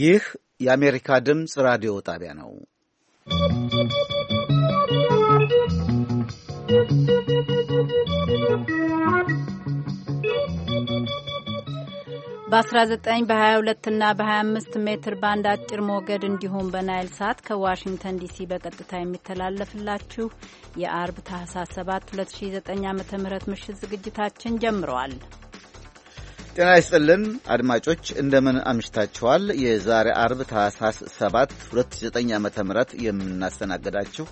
ይህ የአሜሪካ ድምፅ ራዲዮ ጣቢያ ነው። በ19 በ22 እና በ25 ሜትር ባንድ አጭር ሞገድ እንዲሁም በናይል ሳት ከዋሽንግተን ዲሲ በቀጥታ የሚተላለፍላችሁ የአርብ ታህሳስ 7 2009 ዓ ም ምሽት ዝግጅታችን ጀምረዋል። ጤና ይስጥልን አድማጮች እንደምን አምሽታችኋል። የዛሬ አርብ ታህሳስ 7 2009 ዓ ም የምናስተናግዳችሁ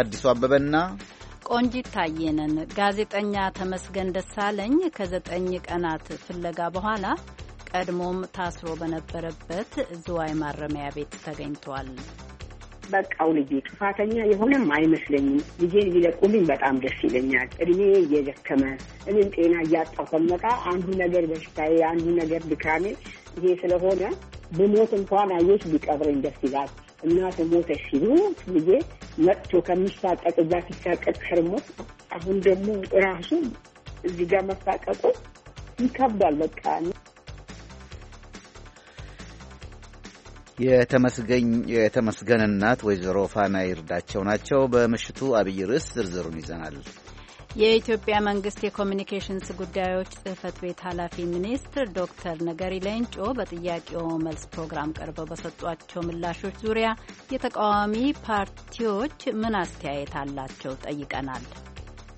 አዲሱ አበበና ቆንጂት ታየነን። ጋዜጠኛ ተመስገን ደሳለኝ ከዘጠኝ ቀናት ፍለጋ በኋላ ቀድሞም ታስሮ በነበረበት ዝዋይ ማረሚያ ቤት ተገኝቷል። በቃው ልጄ ጥፋተኛ የሆነም አይመስለኝም። ልጄን ሊለቁልኝ በጣም ደስ ይለኛል። እድሜ እየደከመ እኔም ጤና እያጣሁ ከመጣ አንዱ ነገር በሽታዬ፣ አንዱ ነገር ድካሜ ይሄ ስለሆነ ብሞት እንኳን አየች ቢቀብረኝ ደስ ይላል። እናት ሞተች ሲሉ ልጄ መጥቶ ከሚሳቀቅ እዛ ሲሳቀቅ ከርሞት አሁን ደግሞ ራሱ እዚህ ጋር መሳቀቁ ይከብዳል በቃ የተመስገን እናት ወይዘሮ ፋና ይርዳቸው ናቸው። በምሽቱ አብይ ርዕስ ዝርዝሩን ይዘናል። የኢትዮጵያ መንግስት የኮሚኒኬሽንስ ጉዳዮች ጽህፈት ቤት ኃላፊ ሚኒስትር ዶክተር ነገሪ ሌንጮ በጥያቄው መልስ ፕሮግራም ቀርበው በሰጧቸው ምላሾች ዙሪያ የተቃዋሚ ፓርቲዎች ምን አስተያየት አላቸው ጠይቀናል።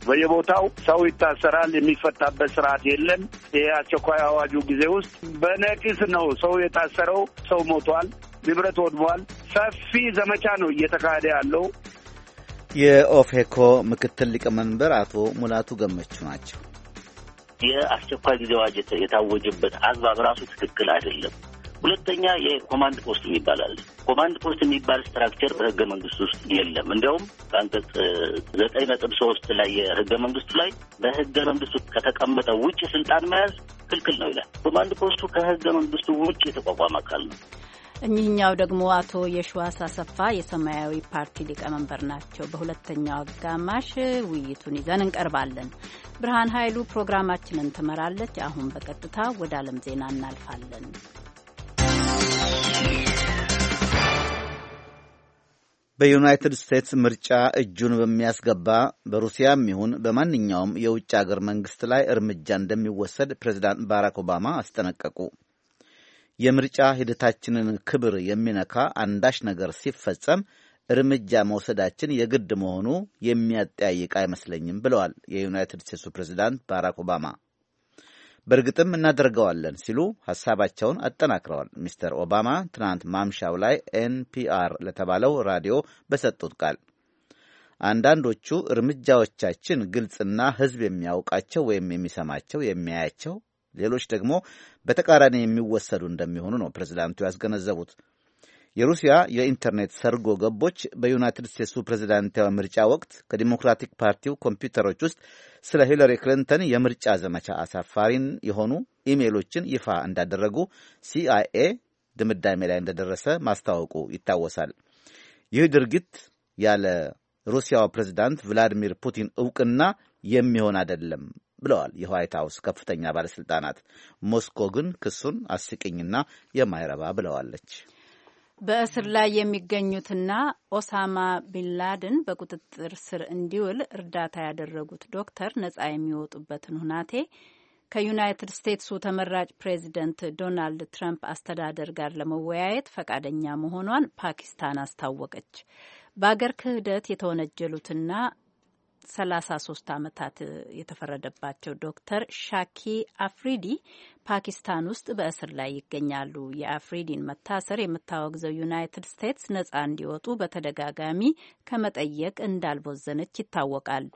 በየቦታው ሰው ይታሰራል፣ የሚፈታበት ስርዓት የለም። ይህ አስቸኳይ አዋጁ ጊዜ ውስጥ በነቂስ ነው ሰው የታሰረው፣ ሰው ሞቷል። ንብረት ወድሟል። ሰፊ ዘመቻ ነው እየተካሄደ ያለው። የኦፌኮ ምክትል ሊቀመንበር አቶ ሙላቱ ገመቹ ናቸው። የአስቸኳይ ጊዜ አዋጅ የታወጀበት አግባብ ራሱ ትክክል አይደለም። ሁለተኛ የኮማንድ ፖስት የሚባል አለ። ኮማንድ ፖስት የሚባል ስትራክቸር በህገ መንግስት ውስጥ የለም። እንዲያውም በአንቀጽ ዘጠኝ ነጥብ ሶስት ላይ የህገ መንግስቱ ላይ በህገ መንግስቱ ከተቀመጠ ውጭ ስልጣን መያዝ ክልክል ነው ይላል። ኮማንድ ፖስቱ ከህገ መንግስቱ ውጭ የተቋቋመ አካል ነው። እኚህኛው ደግሞ አቶ የሸዋስ አሰፋ የሰማያዊ ፓርቲ ሊቀመንበር ናቸው። በሁለተኛው አጋማሽ ውይይቱን ይዘን እንቀርባለን። ብርሃን ኃይሉ ፕሮግራማችንን ትመራለች። አሁን በቀጥታ ወደ ዓለም ዜና እናልፋለን። በዩናይትድ ስቴትስ ምርጫ እጁን በሚያስገባ በሩሲያም ይሁን በማንኛውም የውጭ አገር መንግሥት ላይ እርምጃ እንደሚወሰድ ፕሬዚዳንት ባራክ ኦባማ አስጠነቀቁ። የምርጫ ሂደታችንን ክብር የሚነካ አንዳች ነገር ሲፈጸም እርምጃ መውሰዳችን የግድ መሆኑ የሚያጠያይቅ አይመስለኝም ብለዋል የዩናይትድ ስቴትሱ ፕሬዚዳንት ባራክ ኦባማ። በእርግጥም እናደርገዋለን ሲሉ ሀሳባቸውን አጠናክረዋል። ሚስተር ኦባማ ትናንት ማምሻው ላይ ኤንፒአር ለተባለው ራዲዮ በሰጡት ቃል አንዳንዶቹ እርምጃዎቻችን ግልጽና ሕዝብ የሚያውቃቸው ወይም የሚሰማቸው፣ የሚያያቸው ሌሎች ደግሞ በተቃራኒ የሚወሰዱ እንደሚሆኑ ነው ፕሬዚዳንቱ ያስገነዘቡት። የሩሲያ የኢንተርኔት ሰርጎ ገቦች በዩናይትድ ስቴትሱ ፕሬዚዳንታዊ ምርጫ ወቅት ከዲሞክራቲክ ፓርቲው ኮምፒውተሮች ውስጥ ስለ ሂለሪ ክሊንተን የምርጫ ዘመቻ አሳፋሪን የሆኑ ኢሜይሎችን ይፋ እንዳደረጉ ሲአይኤ ድምዳሜ ላይ እንደደረሰ ማስታወቁ ይታወሳል። ይህ ድርጊት ያለ ሩሲያው ፕሬዚዳንት ቭላዲሚር ፑቲን እውቅና የሚሆን አይደለም ብለዋል የዋይት ሀውስ ከፍተኛ ባለስልጣናት። ሞስኮ ግን ክሱን አስቂኝና የማይረባ ብለዋለች። በእስር ላይ የሚገኙትና ኦሳማ ቢንላድን በቁጥጥር ስር እንዲውል እርዳታ ያደረጉት ዶክተር ነጻ የሚወጡበትን ሁናቴ ከዩናይትድ ስቴትሱ ተመራጭ ፕሬዚደንት ዶናልድ ትራምፕ አስተዳደር ጋር ለመወያየት ፈቃደኛ መሆኗን ፓኪስታን አስታወቀች። በአገር ክህደት የተወነጀሉትና ሰላሳ ሶስት ዓመታት የተፈረደባቸው ዶክተር ሻኪ አፍሪዲ ፓኪስታን ውስጥ በእስር ላይ ይገኛሉ። የአፍሪዲን መታሰር የምታወግዘው ዩናይትድ ስቴትስ ነጻ እንዲወጡ በተደጋጋሚ ከመጠየቅ እንዳልቦዘነች ይታወቃል።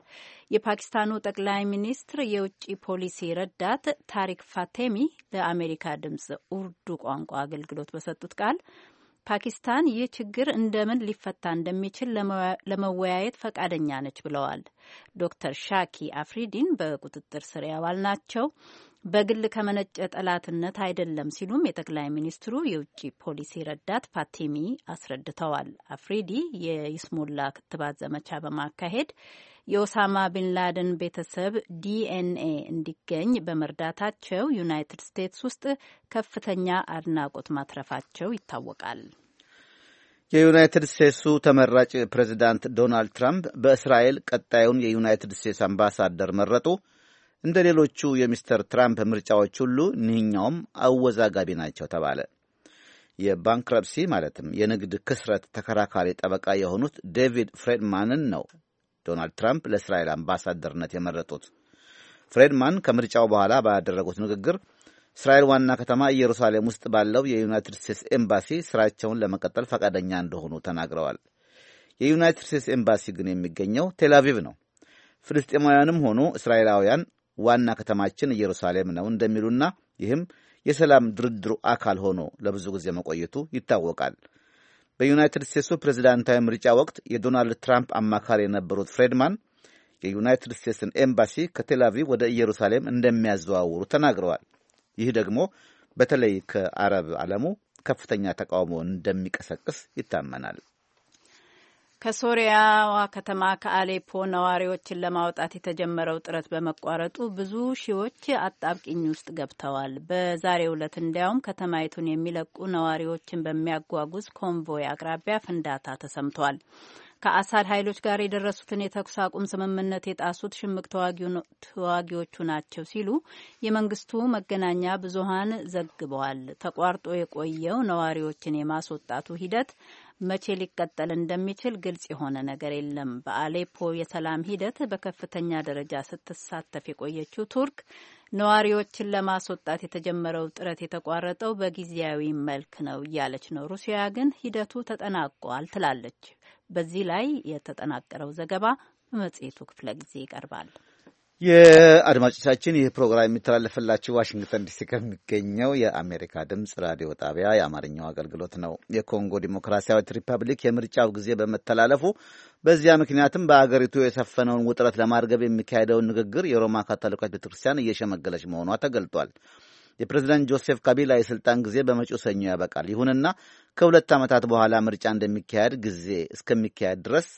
የፓኪስታኑ ጠቅላይ ሚኒስትር የውጭ ፖሊሲ ረዳት ታሪክ ፋቴሚ ለአሜሪካ ድምጽ ኡርዱ ቋንቋ አገልግሎት በሰጡት ቃል ፓኪስታን ይህ ችግር እንደምን ሊፈታ እንደሚችል ለመወያየት ፈቃደኛ ነች ብለዋል። ዶክተር ሻኪ አፍሪዲን በቁጥጥር ስር ያዋል ናቸው በግል ከመነጨ ጠላትነት አይደለም ሲሉም የጠቅላይ ሚኒስትሩ የውጭ ፖሊሲ ረዳት ፋቲሚ አስረድተዋል። አፍሪዲ የይስሙላ ክትባት ዘመቻ በማካሄድ የኦሳማ ቢንላደን ቤተሰብ ዲኤንኤ እንዲገኝ በመርዳታቸው ዩናይትድ ስቴትስ ውስጥ ከፍተኛ አድናቆት ማትረፋቸው ይታወቃል። የዩናይትድ ስቴትሱ ተመራጭ ፕሬዚዳንት ዶናልድ ትራምፕ በእስራኤል ቀጣዩን የዩናይትድ ስቴትስ አምባሳደር መረጡ። እንደ ሌሎቹ የሚስተር ትራምፕ ምርጫዎች ሁሉ እኒህኛውም አወዛጋቢ ናቸው ተባለ። የባንክረፕሲ ማለትም የንግድ ክስረት ተከራካሪ ጠበቃ የሆኑት ዴቪድ ፍሬድማንን ነው ዶናልድ ትራምፕ ለእስራኤል አምባሳደርነት የመረጡት። ፍሬድማን ከምርጫው በኋላ ባደረጉት ንግግር እስራኤል ዋና ከተማ ኢየሩሳሌም ውስጥ ባለው የዩናይትድ ስቴትስ ኤምባሲ ስራቸውን ለመቀጠል ፈቃደኛ እንደሆኑ ተናግረዋል። የዩናይትድ ስቴትስ ኤምባሲ ግን የሚገኘው ቴላቪቭ ነው። ፍልስጤማውያንም ሆኑ እስራኤላውያን ዋና ከተማችን ኢየሩሳሌም ነው እንደሚሉና ይህም የሰላም ድርድሩ አካል ሆኖ ለብዙ ጊዜ መቆየቱ ይታወቃል። በዩናይትድ ስቴትሱ ፕሬዚዳንታዊ ምርጫ ወቅት የዶናልድ ትራምፕ አማካሪ የነበሩት ፍሬድማን የዩናይትድ ስቴትስን ኤምባሲ ከቴላቪቭ ወደ ኢየሩሳሌም እንደሚያዘዋውሩ ተናግረዋል። ይህ ደግሞ በተለይ ከአረብ ዓለሙ ከፍተኛ ተቃውሞ እንደሚቀሰቅስ ይታመናል። ከሶሪያዋ ከተማ ከአሌፖ ነዋሪዎችን ለማውጣት የተጀመረው ጥረት በመቋረጡ ብዙ ሺዎች አጣብቂኝ ውስጥ ገብተዋል። በዛሬው ዕለት እንዲያውም ከተማይቱን የሚለቁ ነዋሪዎችን በሚያጓጉዝ ኮንቮይ አቅራቢያ ፍንዳታ ተሰምቷል። ከአሳድ ኃይሎች ጋር የደረሱትን የተኩስ አቁም ስምምነት የጣሱት ሽምቅ ተዋጊዎቹ ናቸው ሲሉ የመንግስቱ መገናኛ ብዙሃን ዘግበዋል። ተቋርጦ የቆየው ነዋሪዎችን የማስወጣቱ ሂደት መቼ ሊቀጠል እንደሚችል ግልጽ የሆነ ነገር የለም። በአሌፖ የሰላም ሂደት በከፍተኛ ደረጃ ስትሳተፍ የቆየችው ቱርክ ነዋሪዎችን ለማስወጣት የተጀመረው ጥረት የተቋረጠው በጊዜያዊ መልክ ነው እያለች ነው። ሩሲያ ግን ሂደቱ ተጠናቋል ትላለች። በዚህ ላይ የተጠናቀረው ዘገባ በመጽሔቱ ክፍለ ጊዜ ይቀርባል። የአድማጮቻችን ይህ ፕሮግራም የሚተላለፍላችሁ ዋሽንግተን ዲሲ ከሚገኘው የአሜሪካ ድምፅ ራዲዮ ጣቢያ የአማርኛው አገልግሎት ነው። የኮንጎ ዲሞክራሲያዊት ሪፐብሊክ የምርጫው ጊዜ በመተላለፉ በዚያ ምክንያትም በአገሪቱ የሰፈነውን ውጥረት ለማርገብ የሚካሄደውን ንግግር የሮማ ካቶሊካዊት ቤተክርስቲያን እየሸመገለች መሆኗ ተገልጧል። የፕሬዚዳንት ጆሴፍ ካቢላ የስልጣን ጊዜ በመጪው ሰኞ ያበቃል። ይሁንና ከሁለት ዓመታት በኋላ ምርጫ እንደሚካሄድ ጊዜ እስከሚካሄድ ድረስ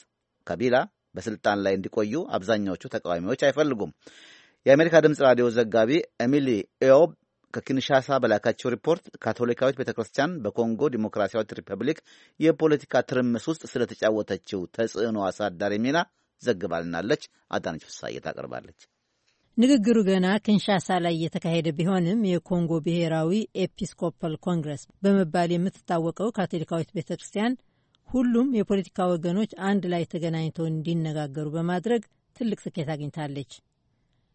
ካቢላ በስልጣን ላይ እንዲቆዩ አብዛኛዎቹ ተቃዋሚዎች አይፈልጉም። የአሜሪካ ድምፅ ራዲዮ ዘጋቢ ኤሚሊ ኤዮብ ከኪንሻሳ በላካቸው ሪፖርት ካቶሊካዊት ቤተ ክርስቲያን በኮንጎ ዲሞክራሲያዊት ሪፐብሊክ የፖለቲካ ትርምስ ውስጥ ስለተጫወተችው ተጽዕኖ አሳዳሪ ሚና ዘግባልናለች። አዳነች ፍሳዬ ታቀርባለች። ንግግሩ ገና ኪንሻሳ ላይ እየተካሄደ ቢሆንም የኮንጎ ብሔራዊ ኤፒስኮፓል ኮንግረስ በመባል የምትታወቀው ካቶሊካዊት ቤተ ክርስቲያን ሁሉም የፖለቲካ ወገኖች አንድ ላይ ተገናኝተው እንዲነጋገሩ በማድረግ ትልቅ ስኬት አግኝታለች።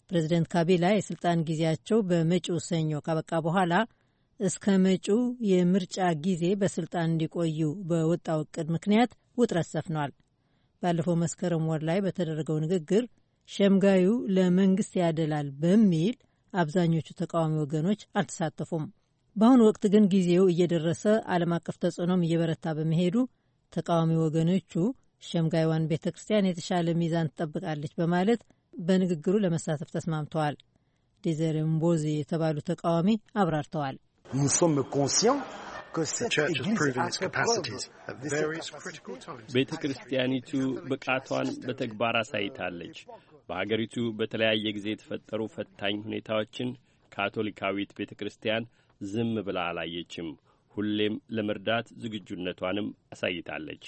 ፕሬዚደንት ካቢላ የስልጣን ጊዜያቸው በመጪው ሰኞ ካበቃ በኋላ እስከ መጪው የምርጫ ጊዜ በስልጣን እንዲቆዩ በወጣው እቅድ ምክንያት ውጥረት ሰፍኗል። ባለፈው መስከረም ወር ላይ በተደረገው ንግግር ሸምጋዩ ለመንግስት ያደላል በሚል አብዛኞቹ ተቃዋሚ ወገኖች አልተሳተፉም። በአሁኑ ወቅት ግን ጊዜው እየደረሰ ዓለም አቀፍ ተጽዕኖም እየበረታ በመሄዱ ተቃዋሚ ወገኖቹ ሸምጋይዋን ቤተ ክርስቲያን የተሻለ ሚዛን ትጠብቃለች በማለት በንግግሩ ለመሳተፍ ተስማምተዋል። ዴዘሬ ምቦዚ የተባሉ ተቃዋሚ አብራርተዋል። ቤተ ክርስቲያኒቱ ብቃቷን በተግባር አሳይታለች። በሀገሪቱ በተለያየ ጊዜ የተፈጠሩ ፈታኝ ሁኔታዎችን ካቶሊካዊት ቤተ ክርስቲያን ዝም ብላ አላየችም። ሁሌም ለመርዳት ዝግጁነቷንም አሳይታለች።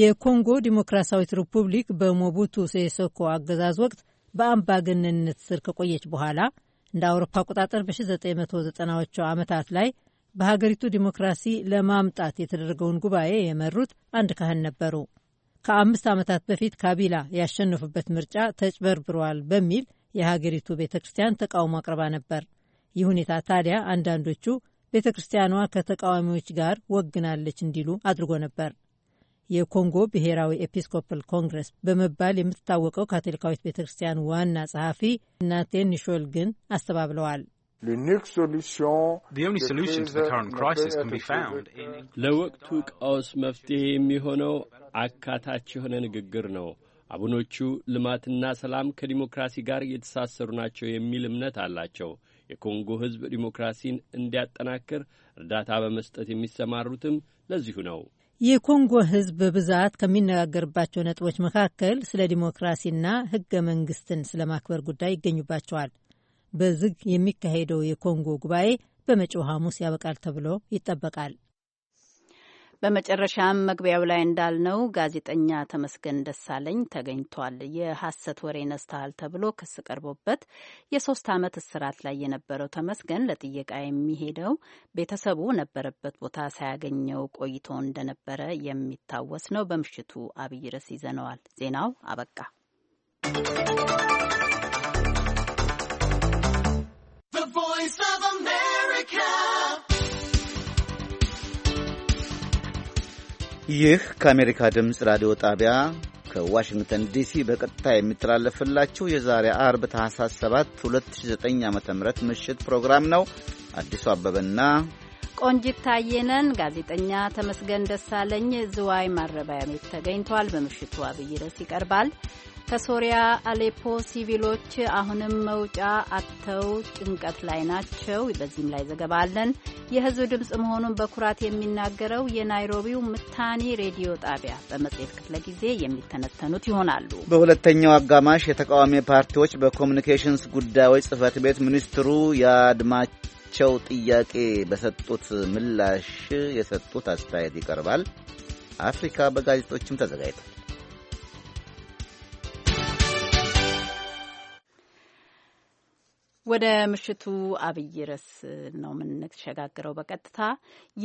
የኮንጎ ዲሞክራሲያዊት ሪፑብሊክ በሞቡቱ ሴሴኮ አገዛዝ ወቅት በአምባገነንነት ስር ከቆየች በኋላ እንደ አውሮፓ አቆጣጠር በ1990ዎቹ ዓመታት ላይ በሀገሪቱ ዲሞክራሲ ለማምጣት የተደረገውን ጉባኤ የመሩት አንድ ካህን ነበሩ። ከአምስት ዓመታት በፊት ካቢላ ያሸነፉበት ምርጫ ተጭበርብሯል በሚል የሀገሪቱ ቤተ ክርስቲያን ተቃውሞ አቅርባ ነበር። ይህ ሁኔታ ታዲያ አንዳንዶቹ ቤተ ክርስቲያኗ ከተቃዋሚዎች ጋር ወግናለች እንዲሉ አድርጎ ነበር። የኮንጎ ብሔራዊ ኤፒስኮፕል ኮንግረስ በመባል የምትታወቀው ካቶሊካዊት ቤተ ክርስቲያን ዋና ጸሐፊ እናቴን ኒሾል ግን አስተባብለዋል። ለወቅቱ ቀውስ መፍትሄ የሚሆነው አካታች የሆነ ንግግር ነው። አቡኖቹ ልማትና ሰላም ከዲሞክራሲ ጋር የተሳሰሩ ናቸው የሚል እምነት አላቸው። የኮንጎ ህዝብ ዲሞክራሲን እንዲያጠናክር እርዳታ በመስጠት የሚሰማሩትም ለዚሁ ነው። የኮንጎ ህዝብ በብዛት ከሚነጋገርባቸው ነጥቦች መካከል ስለ ዲሞክራሲና ህገ መንግስትን ስለ ማክበር ጉዳይ ይገኙባቸዋል። በዝግ የሚካሄደው የኮንጎ ጉባኤ በመጪው ሐሙስ ያበቃል ተብሎ ይጠበቃል። በመጨረሻም መግቢያው ላይ እንዳልነው ጋዜጠኛ ተመስገን ደሳለኝ ተገኝቷል። የሐሰት ወሬ ነስተሃል ተብሎ ክስ ቀርቦበት የሶስት ዓመት እስራት ላይ የነበረው ተመስገን ለጥየቃ የሚሄደው ቤተሰቡ ነበረበት ቦታ ሳያገኘው ቆይቶ እንደነበረ የሚታወስ ነው። በምሽቱ አብይ ርዕስ ይዘነዋል። ዜናው አበቃ። ይህ ከአሜሪካ ድምፅ ራዲዮ ጣቢያ ከዋሽንግተን ዲሲ በቀጥታ የሚተላለፍላችሁ የዛሬ አርብ ታህሳስ 7 2009 ዓ ም ምሽት ፕሮግራም ነው። አዲሱ አበበና ቆንጂት ታየነን። ጋዜጠኛ ተመስገን ደሳለኝ ዝዋይ ማረሚያ ቤት ተገኝቷል። በምሽቱ አብይ ርዕስ ይቀርባል። ከሶሪያ አሌፖ ሲቪሎች አሁንም መውጫ አጥተው ጭንቀት ላይ ናቸው። በዚህም ላይ ዘገባ አለን። የህዝብ ድምፅ መሆኑን በኩራት የሚናገረው የናይሮቢው ምታኔ ሬዲዮ ጣቢያ በመጽሔት ክፍለ ጊዜ የሚተነተኑት ይሆናሉ። በሁለተኛው አጋማሽ የተቃዋሚ ፓርቲዎች በኮሚኒኬሽንስ ጉዳዮች ጽህፈት ቤት ሚኒስትሩ የአድማቸው ጥያቄ በሰጡት ምላሽ የሰጡት አስተያየት ይቀርባል። አፍሪካ በጋዜጦችም ተዘጋጅቷል። ወደ ምሽቱ አብይ ርዕስ ነው የምንሸጋግረው በቀጥታ